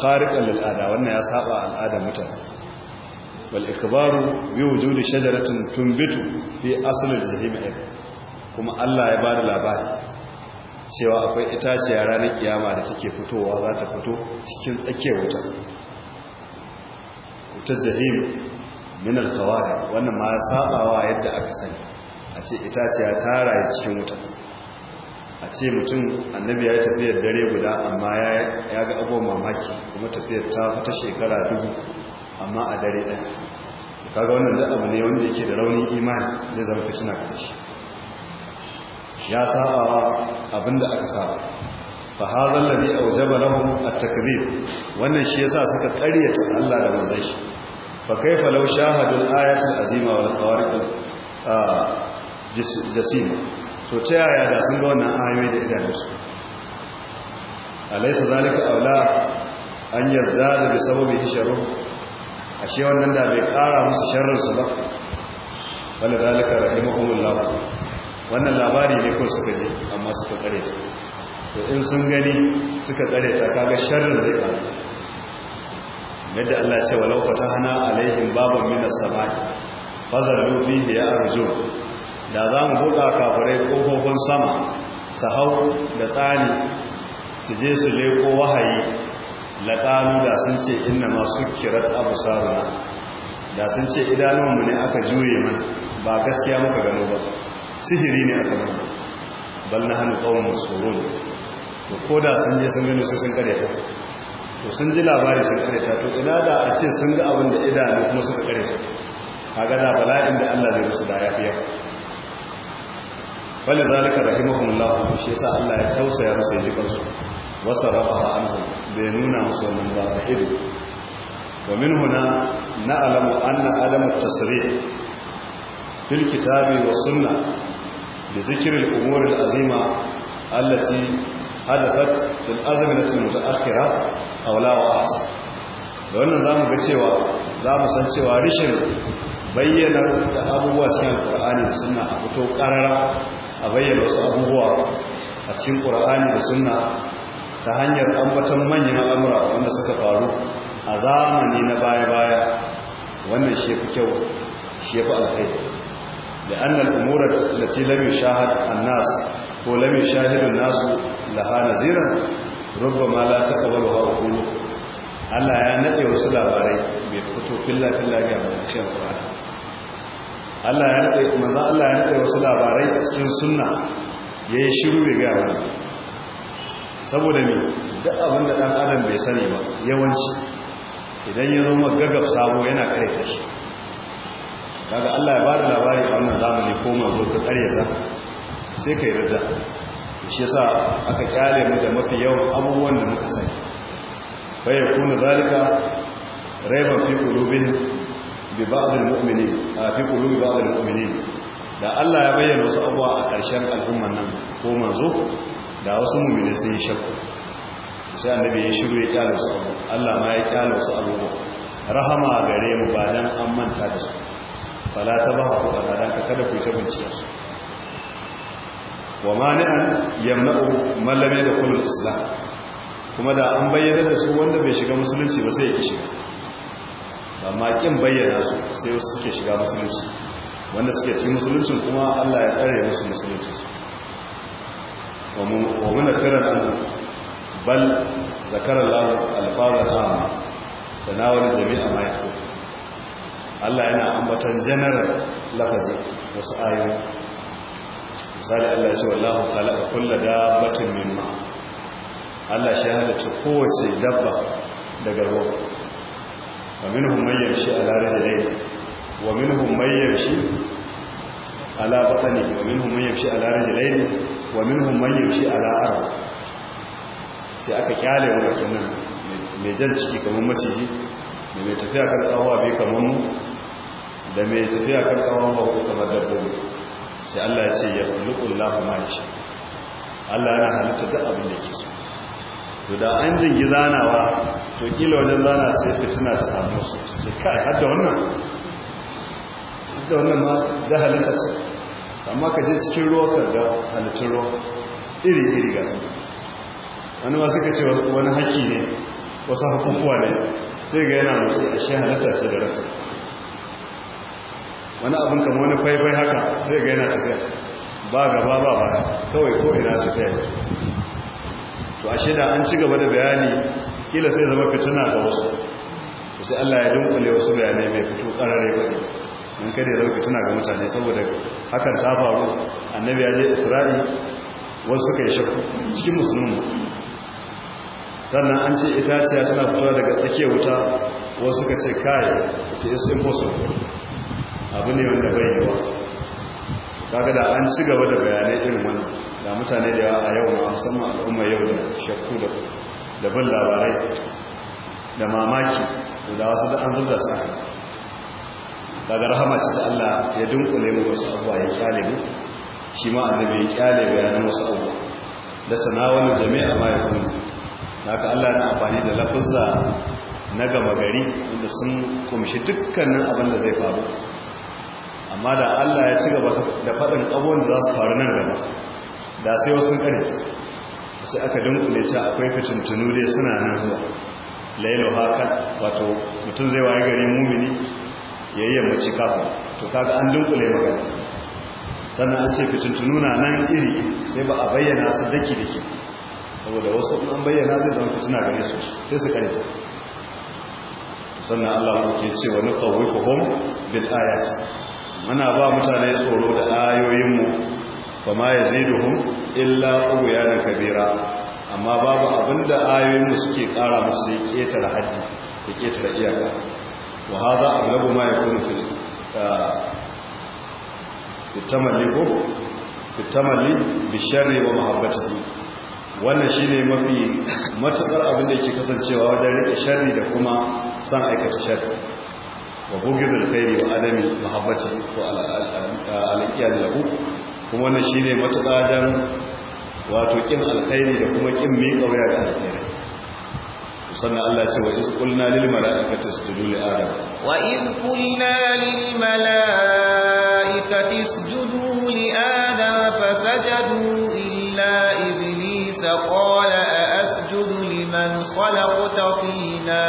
harikar al'ada wannan ya saba al'adar mutane wal ikbaru bi wujudi shajaratin tumbitu fi asalin jahim kuma allah ya ba da labari cewa akwai itaciya ranar kiyama da take fitowa za ta fito cikin tsakiyar wuta wutar jahim minar kawai wannan ma sabawa yadda aka sani a ce itaciya ta rayu cikin wuta a ce mutum annabi ya yi tafiyar dare guda amma ya ga abuwa mamaki kuma tafiyar ta fita shekara dubu amma a dare ɗaya kaga wannan da abu ne wanda yake da raunin imani zai zama fitina kashi ya saba abinda aka saba fa hadha alladhi awjaba lahum at-takdhib wannan shi yasa suka ƙaryata Allah da manzon shi fa kaifa law shahadu al-ayatu al-azima wal ah jasima to ta yaya da sun ga wannan ayoyi da su alaysa zalika awla an yazdada bi sababi sharru ashe wannan da bai kara musu sharrinsu ba wala zalika rahimahumullah wannan labari ne ko suka ji amma suka kare ta to in sun gani suka kare ta kaga sharri zai faru. yadda Allah ya ce walau fatahna alaihim baban as samai fazallu fihi ya arju da za mu buɗa kafirai ƙofofin sama su hau da tsani su je su leko wahayi kanu da sun ce inna masu kirat abu da sun ce idanunmu ne aka juye mana ba gaskiya muka gano ba sihiri ne a nan bal na hannu kawon masoro ne to ko da sun je sun gani su sun karyata to sun ji labari sun karyata to ina da a ce sun ga abin da idanu kuma suka karyata A gada bala'in da Allah zai musu da ya fiya wani zalika lafi shi sa Allah ya tausaya musu ya ji kansu wasa rafaha anhu bai nuna musu wannan ba da ido ومن هنا نعلم أن عدم التصريح في wa والسنة da zikirin umurin azima allaci hadafat fil azminatin mutaakhira aw la wa'as da wannan zamu ga cewa zamu san cewa rishin bayyana da abubuwa cikin alqur'ani da suna a fito karara a bayyana su abubuwa a cikin qur'ani da sunna ta hanyar ambatan manyan al'amura wanda suka faru a zamani na baya-baya wannan shi fi kyau shi fi لأن الأمور التي لم يشاهد الناس ولم يشاهد الناس لها نزيرا ربما لا تقبلها أقوله Allah ya nade wasu labarai bai fito filla filla ga cikin Qur'ani Allah ya nade Allah ya nade wasu labarai a cikin sunna yayin shiru bai ga ba saboda me duk abinda ɗan adam bai sani ba yawanci idan ya zama magagab sabo yana karanta shi daga Allah ya bada labari a wannan zamani ko manzo ka karyata sai kai rida shi yasa aka kyale mu da mafi yawan abubuwan da muka sani fa yakunu zalika raiba fi qulubin bi ba'd al-mu'minin fi qulubi ba'd al-mu'minin da Allah ya bayyana wasu abuwa a ƙarshen al'umman nan ko manzo da wasu mu'mini sun yi shakku sai annabi ya shiru ya kyale su Allah ma ya kyale su abubuwa rahama gare mu ba dan an manta da su fala ta ba haku a ranarka kada ku ta binciyar wa mani'an yamna'u mallame da kullum islam kuma da an bayyana da su wanda bai shiga musulunci ba sai ya ki shiga amma kin bayyana su sai wasu suke shiga musulunci wanda suke cikin musulunci kuma allah ya tsare musu musulunci wa muna kiran an bal zakarar lamun alfawar amma tanawar jami'a mai Allah yana ambatan general lafazi wasu ayoyi misali Allah ce wallahu khalaqa kulla dabbatin mimma Allah shi halatta kowace dabba daga ruwa wa minhum man yamshi ala rajlihi wa minhum man yamshi ala batni wa minhum man yamshi ala rajlihi wa minhum man yamshi ala arba sai aka kyale wannan mai jan ciki kamar maciji mai tafiya kan tsawa bai kamar mu da mai tafiya kan tsawon bako kamar dabbobi sai Allah ya ce ya kulukun lafi mashi Allah yana halitta duk abin da ke so to da an jingi zanawa to kila wajen zana sai fitina ta samu su ce kai har da wannan har da wannan ma da halitta su amma ka je cikin ruwa ka ga halittar ruwa iri-iri ga sun wani wasu ka ce wani haƙi ne wasu hakukuwa ne sai ga yana mutu a shi halitta ce da rata wani abin kama wani faifai haka sai ga yana tafiya ba gaba ba ba kawai ko ina tafiya to ashe da an ci gaba da bayani kila sai zama fitina ga wasu sai Allah ya dunkule wasu bayanai mai fito karare ba in kada ya zama fitina ga mutane saboda hakan ta faru annabi ya je Isra'i wasu suka yi shakku cikin musulmi sannan an ce itaciya tana fitowa daga tsakiyar wuta wasu suka ce kai ita is impossible abu ne wanda bai yawa kaga da an ci gaba da bayanai irin wani da mutane da yawa a yau ma musamman al'umma yau da shakku da da ban labarai da mamaki da wasu da an zurda sa daga rahama ci ta Allah ya dunkule mu wasu abuwa ya kyale mu shi ma annabi ya kyale bayanan wasu abuwa da wani jami'a ma ya kuma aka Allah na amfani da lafazza na gaba gari wanda sun kumshi dukkanin abin da zai faru amma da Allah ya ci gaba da faɗin abubuwan da za su faru nan gaba da sai wasu kare sai aka dunkule ce akwai fitintunu dai suna nan zuwa lailu haka wato mutum zai waye gari mumini yi yammaci kafa to kaga an dunkule maka sannan an ce fitintunu na nan iri sai ba a bayyana su daki dake saboda wasu an bayyana zai zama na gare su sai su kare sannan Allah ke ce wa nuqawwifuhum bil ayati muna ba mutane tsoro da ayoyinmu ba ma ya ziduhun illa ƙuguya da kabira amma babu abinda ayoyinmu suke ƙara musu sai ƙetar haddi da ƙetar iyaka wa haza aglabu ma ya kuma fitamalli ah, ko fitamalli bisharri wa mahabbatihi wannan shine mafi matakar abin da ke kasancewa wajen rike sharri da kuma san aikata sharri wa bugid alkhairi wa adami mahabbati ko al-iyad lahu kuma wannan shine matsadan wato kin alkhairi da kuma kin miƙa waya da alkhairi sannan Allah ya ce wa iz qulna lil mala'ikati isjudu li adam wa iz qulna lil mala'ikati isjudu li adam fasajadu illa iblisa qala a asjudu liman khalaqta tina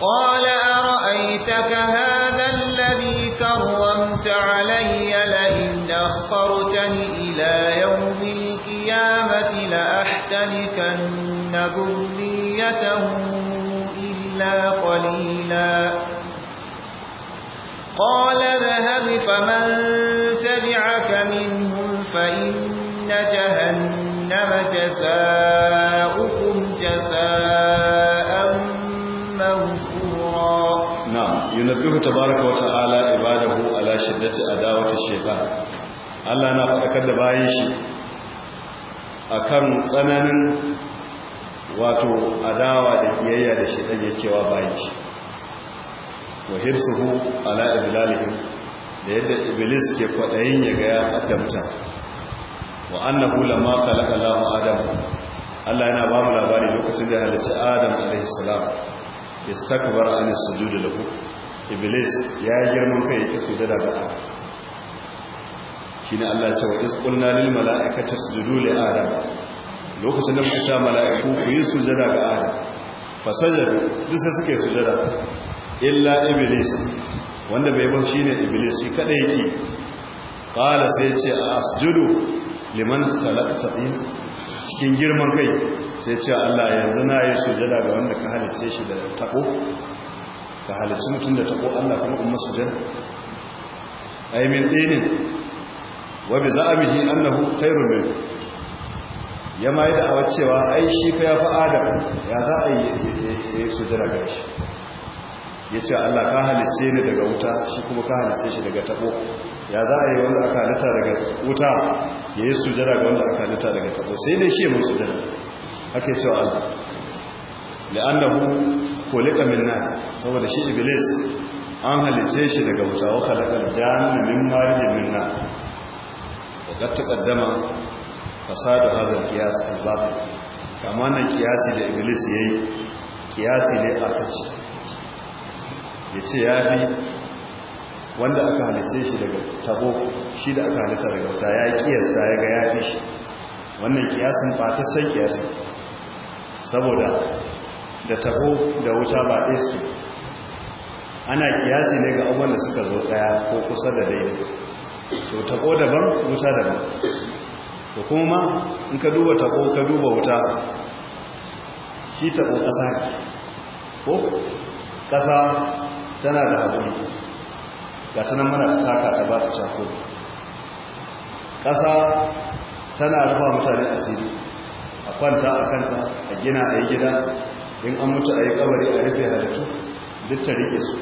qala ليتك هذا الذي كرمت علي لئن أخرتني إلى يوم القيامة لأحتنكن ذريته إلا قليلا قال ذهب فمن تبعك منهم فإن جهنم جزاؤكم جزاؤكم yunabihu tabaraka wa ta'ala ibadahu ala shiddati adawati shaytan Allah na faɗakar da bayan shi akan tsananin wato adawa da kiyayya da shaytan yakewa bayan shi wa hirsuhu ala iblalihi da yadda iblis ke kwadayin ya ga adamta wa annahu lamma khalaqa Allahu Adam Allah yana ba mu labari lokacin da halitta Adam alaihi salam istakbara an sujudu lahu iblis ya yi girman kai yake sujada ga shi shine Allah cewa is qulna lil mala'ikati isjudu li adam lokacin da muka mala'iku ku yi sujada ga adam fasajar duk sai suke sujada illa iblis wanda bai ban shine iblis shi kada yake qala sai ce asjudu liman khalaqta cikin girman kai sai ce Allah yanzu na yi sujada ga wanda ka halice shi da tabo ka halicci mutum da taɓo Allah kuma umma a yi min za a bi za'amihi annahu khairun min ya mai da awa cewa ai shi ka ya fa adam ya za a yi jira ga shi Ya ce Allah ka halicce ni daga wuta shi kuma ka halicce shi daga taɓo? ya za a yi wanda aka halitta daga wuta ya yi sujada ga wanda aka halitta daga taɓo sai dai shi ya musu sujada haka cewa Allah la'annahu kolika minna saboda shi iblis an halice shi daga wuta wa khalaqa janna min marijin minna da wa kaddama taqaddama fasadu hadha qiyas al kama wannan qiyasi da iblis yayi qiyasi ne a tace yace ya bi wanda aka halice shi daga tabo shi da aka halice daga wuta ya kiyasta ya ga ya bi shi wannan kiyasin ba ta sai kiyasi saboda da taho da wuta ba ɗaya su ana kiyasi ne ga abubuwan da suka zo ɗaya ko kusa da daidai to taho daban wuta daban to kuma in ka duba taho ka duba wuta shi taho ƙasa ko ƙasa tana da haɗu ga ta nan mana taka ta ba ta cako ƙasa tana rufa mutane asiri a kwanta a kansa a gina a yi gida in an mutu a yi kawari a rufe halittu duk ta rike su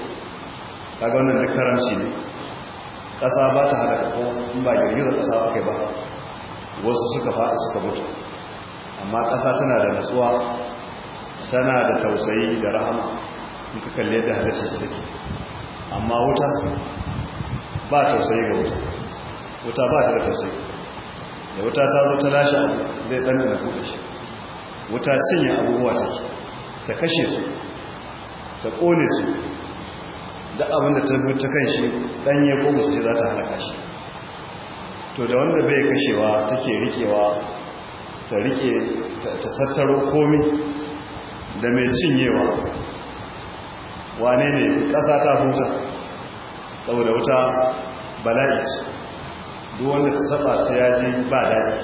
ta wannan duk karamci ne ƙasa ba ta halaka ko in ba girgizar ƙasa ake ba wasu suka fa'a suka mutu amma ƙasa tana da nasuwa tana da tausayi da rahama in ka kalle da halittu su take amma wuta ba tausayi ga wuta wuta ba ta da tausayi da wuta ta zo ta lashe abu zai na kuɗa shi wuta cinye abubuwa take ta kashe su ta kone su da abinda ta bi kan shi dan ya ko musu za ta halaka shi to da wanda bai kashewa take rikewa ta rike ta tattaro komai da mai cinyewa wane ne ƙasa ta huta saboda wuta bala'i duk wanda ta saba sai ya ji ba daɗi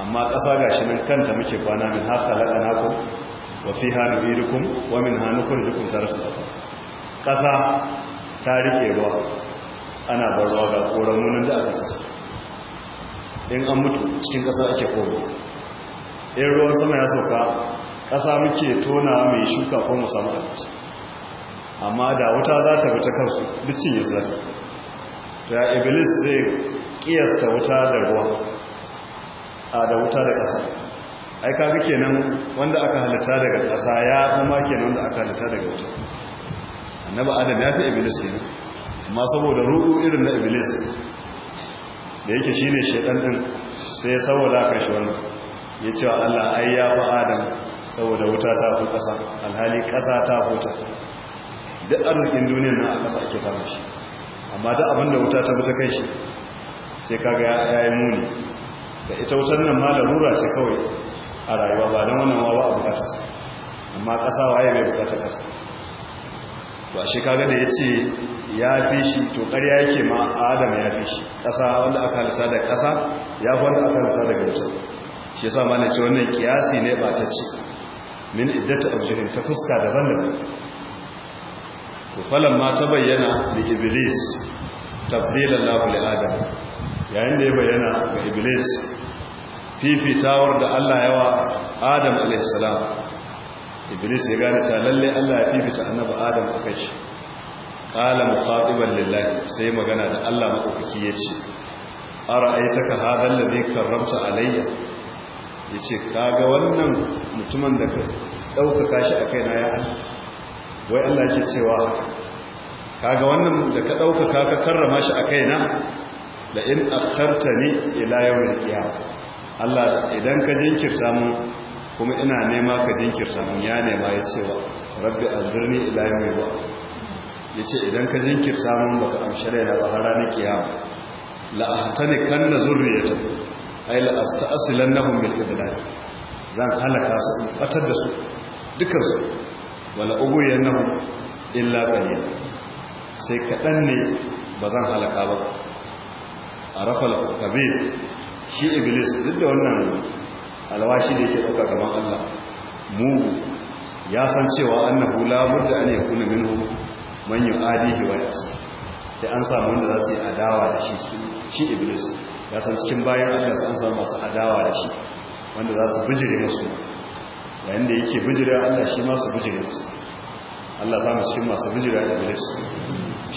amma ƙasa gashi nan kanta muke kwana min haka laka na wa fi hannu irikun wa min hannu kurjikun sarasa ƙasa ta rike ruwa ana barwa ga munin da aka sassa in an mutu cikin ƙasa ake kogo in ruwan sama ya sauka ƙasa muke tona mai shuka ko mu samu abinci amma da wuta za ta fita kansu duk cinye zata? ta da iblis zai ƙiyasta wuta da ruwa a da wuta da ƙasa ai kaga kenan wanda aka halitta daga ƙasa ya kuma kenan wanda aka halitta daga wuta annabi adam ya fi iblis ne amma saboda ruɗu irin na iblis da yake shine shedan din sai saboda ka shi wannan ya ce wa Allah ai ya fi adam saboda wuta ta fi ƙasa alhali ƙasa ta fi duk arzikin duniyar na a ƙasa ake samun shi amma duk abinda wuta ta fi kai shi sai kaga ya yi muni da ita wutar nan ma larura ce kawai a rayuwa ba don wannan wawa a bukatar amma ƙasa waye mai bukatar ƙasa ba shi kaga da ya ce ya fi shi tokar ya yake ma adam ya fi shi ƙasa wanda aka halitta da ƙasa ya fi wanda aka halitta daga wuta shi yasa ma na ce wannan kiyasi ne ba ta ce min iddata ta fuska daban-daban ku falon ma ta bayyana da iblis tabdilan lafi adam yayin da ya bayyana ga iblis fifitawar da Allah ya yawa Adam alaihissalam Iblis ya gane ta lalle Allah ya fifita annabi Adam akai shi qala muqatiban lillahi sai magana da Allah madaukaki yace ara'aitaka hadha alladhi karramta alayya ce kaga wannan mutumin da ka ɗaukaka shi akai na ya Allah wai Allah yake cewa kaga wannan da ka ɗaukaka ka karrama shi akai na Da in akhartani ila yawmil qiyamah Allah idan ka jinkirta mun kuma ina nema ka jinkirta mun ya nema ya ce wa rabbi azurni ila yawmi ba ce idan ka jinkirta mun baka amshe da ba har ranar kiyama la ahtani kan zurriyata ay la astasilannahum bil idlal zan halaka su batar da su dukan su wala ubuyannahum illa qalil sai kadan ne bazan halaka ba al kabir shi iblis duk da wannan alwashi da yake ɗauka gaban Allah mugu ya san cewa annahu la budda an yakuna minhu man yu'adihi wa yasir sai an samu wanda za su yi adawa da shi shi iblis ya san cikin bayan Allah sai an samu masu adawa da shi wanda za su bijire musu yayin da yake bijire Allah shi ma su bijire musu Allah samu cikin masu bijira da iblis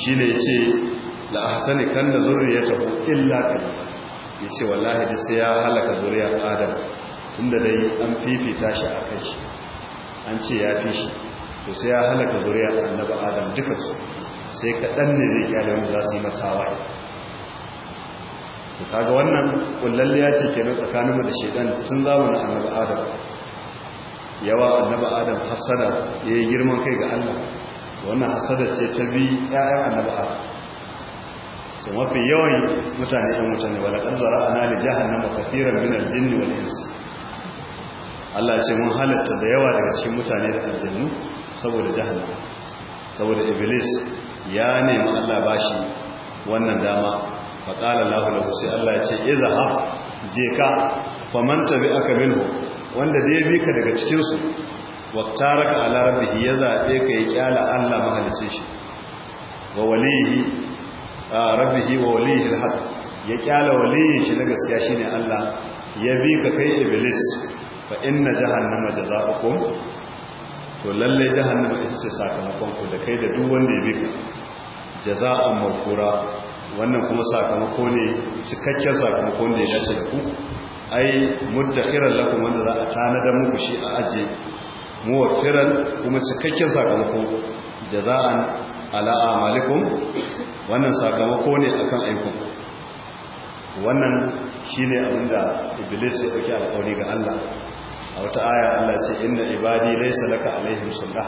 shi ne ya ce la'atani kan zurriyatahu illa qalila ya ce wallahi da sai ya halaka zuriyar adam tun da dai an fifita shi a kai shi an ce ya fi shi to sai ya halaka zuriyar annaba adam dukansu sai kaɗan ne zai kyale wanda za su yi matawa to kaga wannan kullalle ya ce kenan tsakaninmu da shedan tun zamanin annaba adam yawa annaba adam hasada ya yi girman kai ga Allah wannan hasada ce ta bi yayan annaba adam so mafi yawan mutane ɗan mutane wa laƙar zara ana da jahannama kafiran minar aljinni wa ins Allah ce mun halatta da yawa daga cikin mutane da aljannu saboda jahannama saboda iblis ya nemi Allah bashi wannan dama faƙalar qala lahu lahu Allah ce ha je ka aka tabi'aka minhu wanda da ya bi ka daga cikin su wattaraka ala rabbihi ya zaɓe ka ya kyala Allah mahalicin shi wa walihi rabbihi wa walihi alhaq ya kyala waliyin shi na gaskiya shine Allah ya bi ka kai iblis fa inna jahannama jazaokum to lalle jahannama ita ce sakamakon ku da kai da duk wanda ya bi ka jaza'an mafura wannan kuma sakamako ne cikakken sakamako da ya dace da ku ai muddakhiran lakum wanda za a tanada muku shi a aje muwaffiran kuma cikakken sakamako jaza'an ala malikun? wannan sakamako ne akan aikun wannan shi ne abinda iblis ya ɗauki alkawari ga Allah a wata aya Allah ce inda ibadi laysa laka alaihi sullah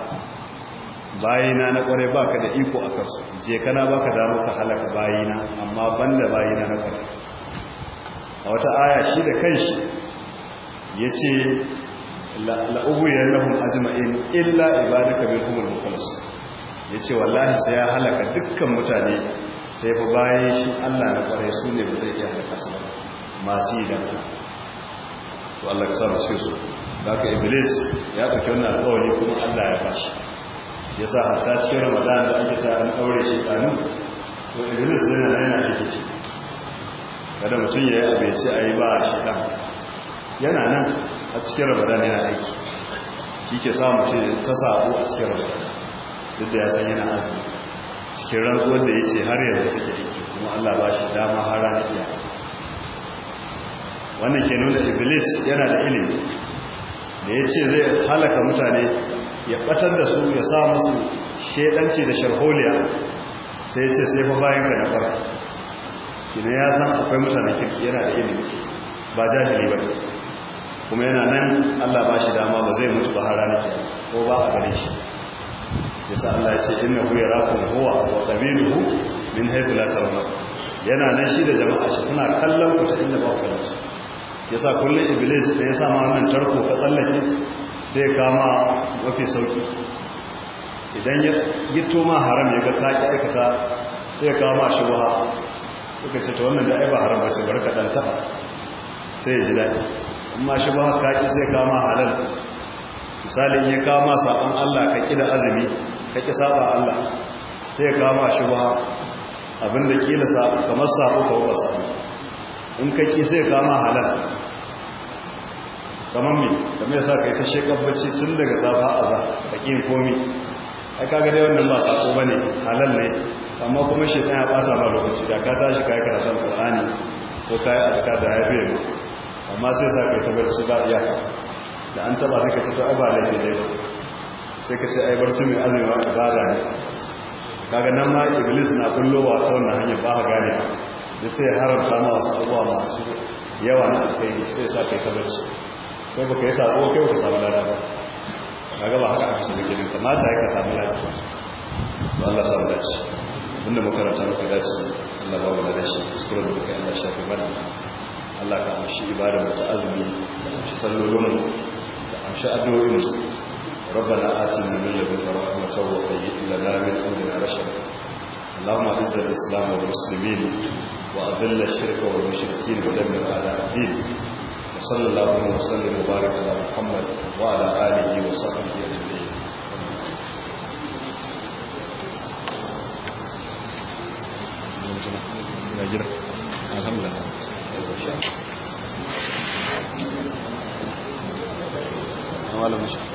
bayina na kware ka da iko a kansu je kana baka damu ka halaka bayina amma ban da bayina na kware a wata aya shi da kanshi yace la'ubu yanahum ajima'in illa ibadaka minhumul mukhlas ya ce wallahi sai ya halaka dukkan mutane sai ba bayan shi allah na kwarai su ne ba zai iya halaka su masu yi da to allah ka sa su da aka iblis ya ɗauki wannan alƙawari kuma allah ya bashi ya sa hatta cikin ramadan da ake ta an ɗaure shi ɗanu to iblis zai na yana aiki shi kada mutum ya yi abinci a yi ba shi ɗan yana nan a cikin ramadan yana aiki shi ke ta sabo a cikin ramadan duk da ya san yana azumi cikin rantsuwar da ya ce har yanzu take aiki kuma Allah ba shi dama har rana iya wannan ke nuna iblis yana da ilimi da ya ce zai halaka mutane ya batar da su ya sa musu shedanci da sharholiya sai ya ce sai fa bayan ka na fara kina ya san akwai mutane kirki yana da ilimi ba jahili ba kuma yana nan Allah ba shi dama ba zai mutu ba har rana ko ba a gare shi yasa Allah ya ce innahu yarakum huwa wa qabiluhu min haythu la tarawna yana nan shi da jama'a shi suna kallon ku ta inda ba ku kallon yasa kullu iblis sai ya sa ma wannan tarko ka tsallake sai kama mafi sauki idan ya gito ma haram ya ga ka ki aikata sai kama shi wa kuka ce ta wannan da ai ba haram ba sai barka dan ta sai ya ji daɗi amma shi ba ka ki sai kama halal misali ya kama saban Allah ka kida da azumi kake saba Allah sai ka ma shi ba abinda kila saba kamar sabo ka ba sabo in kake sai ka ma halal kamar me kamar yasa kai ta shekar bacci tun daga safa a kin komi ai kaga dai wannan ba sako bane halal ne amma kuma shekan ya bata ba lokaci da ka tashi kai karatun Qur'ani ko kai aska da haife amma sai sa kai ta su ba iyaka da an taba sai ka ta da laifi dai sai ka ce ai barci mai azumewa ibada ne kaga nan ma iblis na wa ta wannan hanyar ba gane da sai haramta ma wasu abubuwa masu yawa na alkhairi sai sa kai sabarci kai baka yi sabo kai baka samu lada ba kaga ba haka aka shi zake din kamata ya ka samu lada ba Allah samu dace inda makaranta muka dace Allah ba mu da rashi kuskure da kai Allah shafi mana Allah ka amshi ibadar mu ta azumi da amshi sallolin mu da amshi addu'o'in mu ربنا آتنا من لدنك رحمة وهيئ لنا من أمرنا رشدا اللهم أعز الإسلام والمسلمين وأذل الشرك والمشركين ودمر على الدين وصلى الله وسلم وبارك على محمد وعلى آله وصحبه أجمعين الحمد لله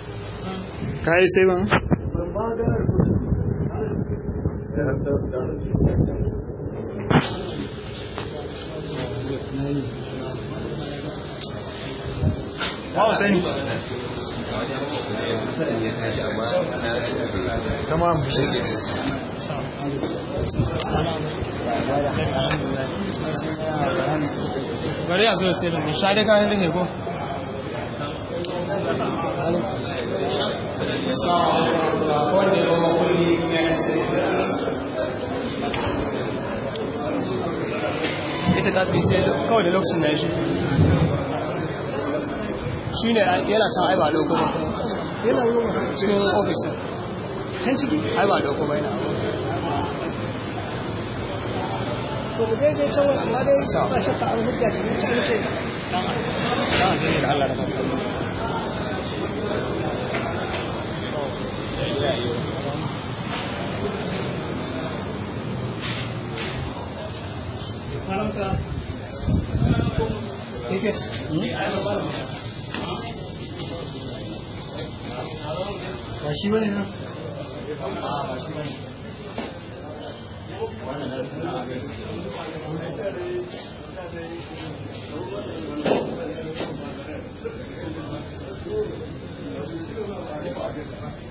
ka yi sai ban tamam bari a السلام عليكم ورحمة ita ta tsaye kawai da lokacin da ya shi shi ne yana can aiba da ba yana cikin can ciki aiba da ba yana to ba a ठीक Thank you.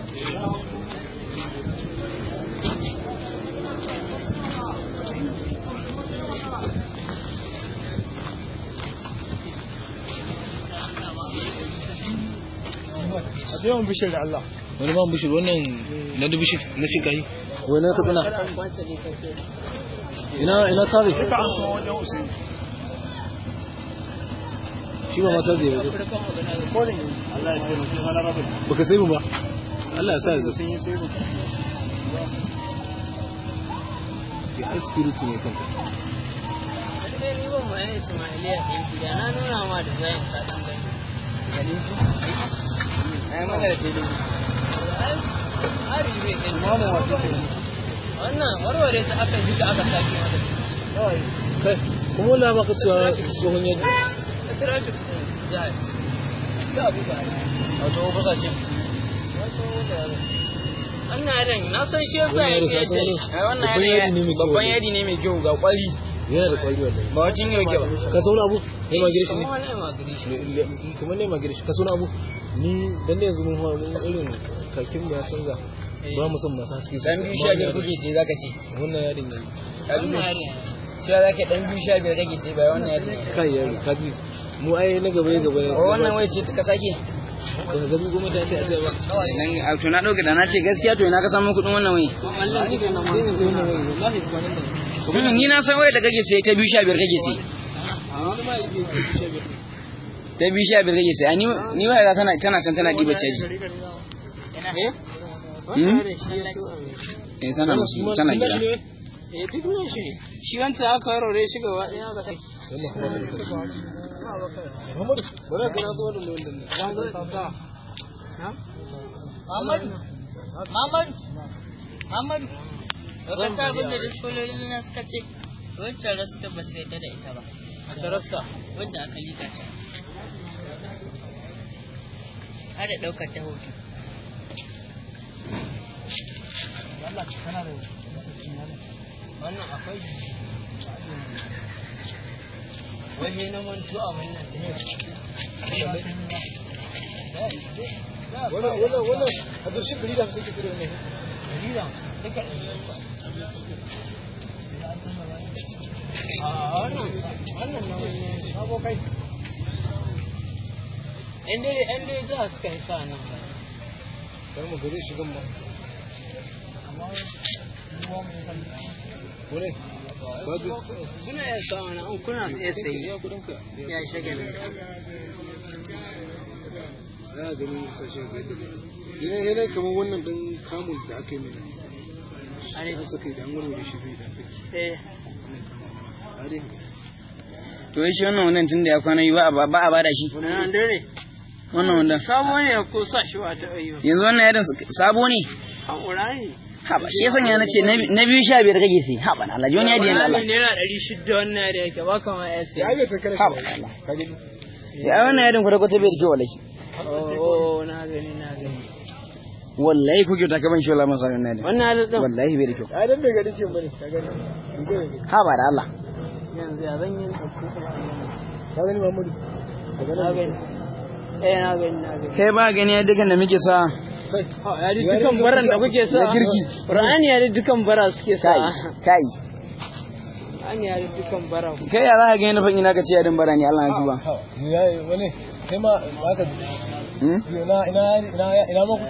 yawan bishir da Allah wani ban bishir wannan na dubu shi na shi gari wani ya katsina ina ina tsari shi ba masa zai yi baka sai mu ba Allah sa su sun yi tsoro ki har spiriti ne kanta ni na nuna wannan warware ta aka ji da aka sake mata kuma la maka cewa tsohon yadda ta traffic a wato ce wannan babban yadi ne mai kyau ga kwari yana da kwari wallahi ba wacin yau ke ba ka sauna abu ne magirishi ne kuma ne magirishi ka sauna abu ni dan ne yanzu mun hawa mun irin kakin ba eh. ba mu son masu haske dan biyu sha biyar kuke sai zaka ce wannan yadin ne wannan yarin shi zaka dan biyu sha biyar rage sai ba wannan yarin kai yaro mu ai na gaba gaba wannan wai ce ta nan to na dauke da na ce gaskiya to ina ka samu wannan wai ni na san wai da kake sai ta biyu sha biyar kake sai ta biyu sha biyar kake sai ni wai ga tana tana can tana diba caji eh? Hmm? eh tana musu tana gida eh duk ne shi shi aka rore shi ga Muhammadu, daga sabon da riskololi na suka ce, wancan ba ita ba. Wata rasta? Wanda aka ɗaukar ta hoto. waje na mantu a wannan a duka wannan wannan na wani abokai dai za su kai sa nan kar mu ba amma Kuna shi wannan wannan tun da ya kwana yi ba a bada shi. Wannan Wannan wanda. Sabo ne ko sa shi Yanzu wannan yadda sabo ne. Haƙura ne. haba shi yasan ya nace na biyu sha biyar kake sai haba na Allah wani yadi Allah ne yana ɗari wannan da yake ba kama ya sai ya ga kai haba Allah ya wannan yadin ku da kwata biyar ke wallahi oh, oh na gani na gani wallahi kuke ta kaman shola masa wannan yadin wannan yadin wallahi bai da kyau dan bai ga dace bane ka gani haba da Allah yanzu ya zan yi ka gani Muhammadu ka gani na gani eh, na gani kai ba gani ya kan da muke sa ya dukan baran da kuke sa Qur'ani ya di dukan bara suke sa kai Qur'ani ya di dukan bara kai ya za ka ga yana fa'ina ka ce yadin din bara ne Allah ya tuba yayi wani kai ma aka hmm?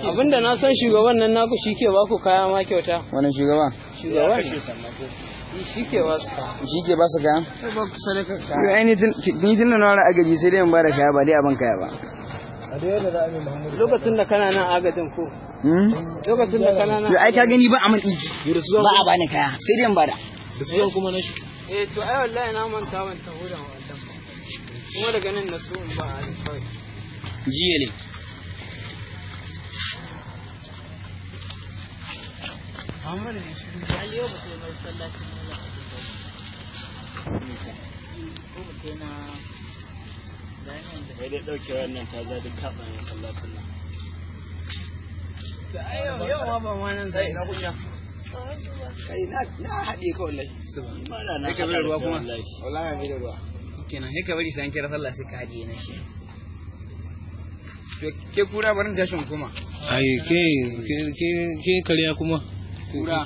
abinda na san shugaban nan naku shi ke ba ku kaya ma kyauta wani shugaba shugaban shi ke ba su kaya shi ke ba su kaya ba ku ka kaya ni tun da na wara agaji sai dai mun ba da kaya ba dai abin kaya ba lokacin da kana nan agajin ko hmm? lokacin da kana nan ai ka gani ba a man inji ba a bani kaya sai dai bada da su kuma na shi eh to ai wallahi na manta ban taho wannan kuma daga nan na so in ba a kawai jiya ne Amma ne shi yau ba sai mai ne ba. Ko ba na sai dai ɗauke wannan ta zaɗi kaɓa ne sallacin Yau ma wannan zai na kunya. Kai na haɗe ka wallahi. na ruwa kuma. Wallahi mai ruwa. Kenan ka bari kira sallah sai ka haɗe na shi. Ke kura barin tashin kuma. Ai ke ke ke kuma. Kura.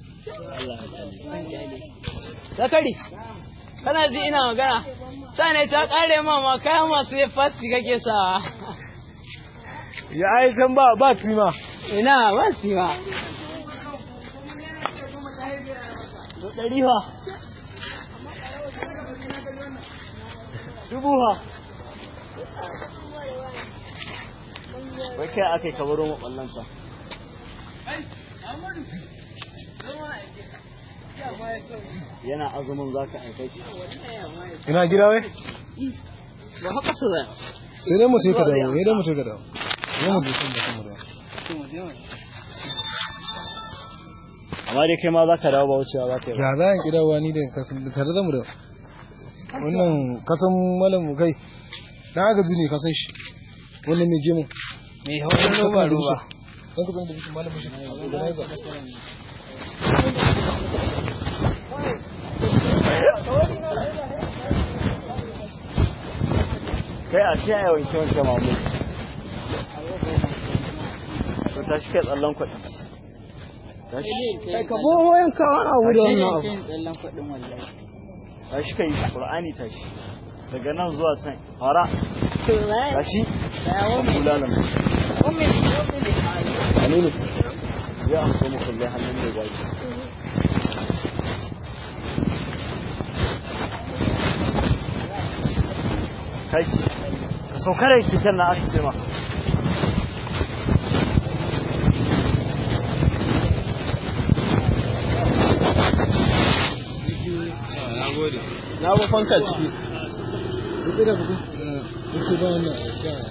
Zakari, kana ji ina magana, Sani ta kare ma kayan masu ya fasi kake sa. Ya ayi can ba ba sima. Ina ba sima. Ɗari ha. Dubu ha. Wai kai aka yi kabarin maɓallansa. yana azumin za ka aika ina gida wai ba haka su zai sai dai mutu ka dawo sai dai mutu ka dawo sai mutu ka dawo amma dai kai ma za ka dawo ba wucewa za ka yi ya za a gida wani da tare da mu da wannan kasan malam kai na aka ji ne kasan shi wannan mai jimin. mai hawa ruwa ruwa don ka zama da mutum malam shi ne kai a ce yawon kiwon jamamu to ta shi kai tsallon kwaɗi kai ka boho yin kawon a na ta kai ƙur'ani ta shi daga nan zuwa can fara ta shi ta yawon mai je an so muku hannun mai baki kai ka yake kyan na aka ce ma na ciki. da da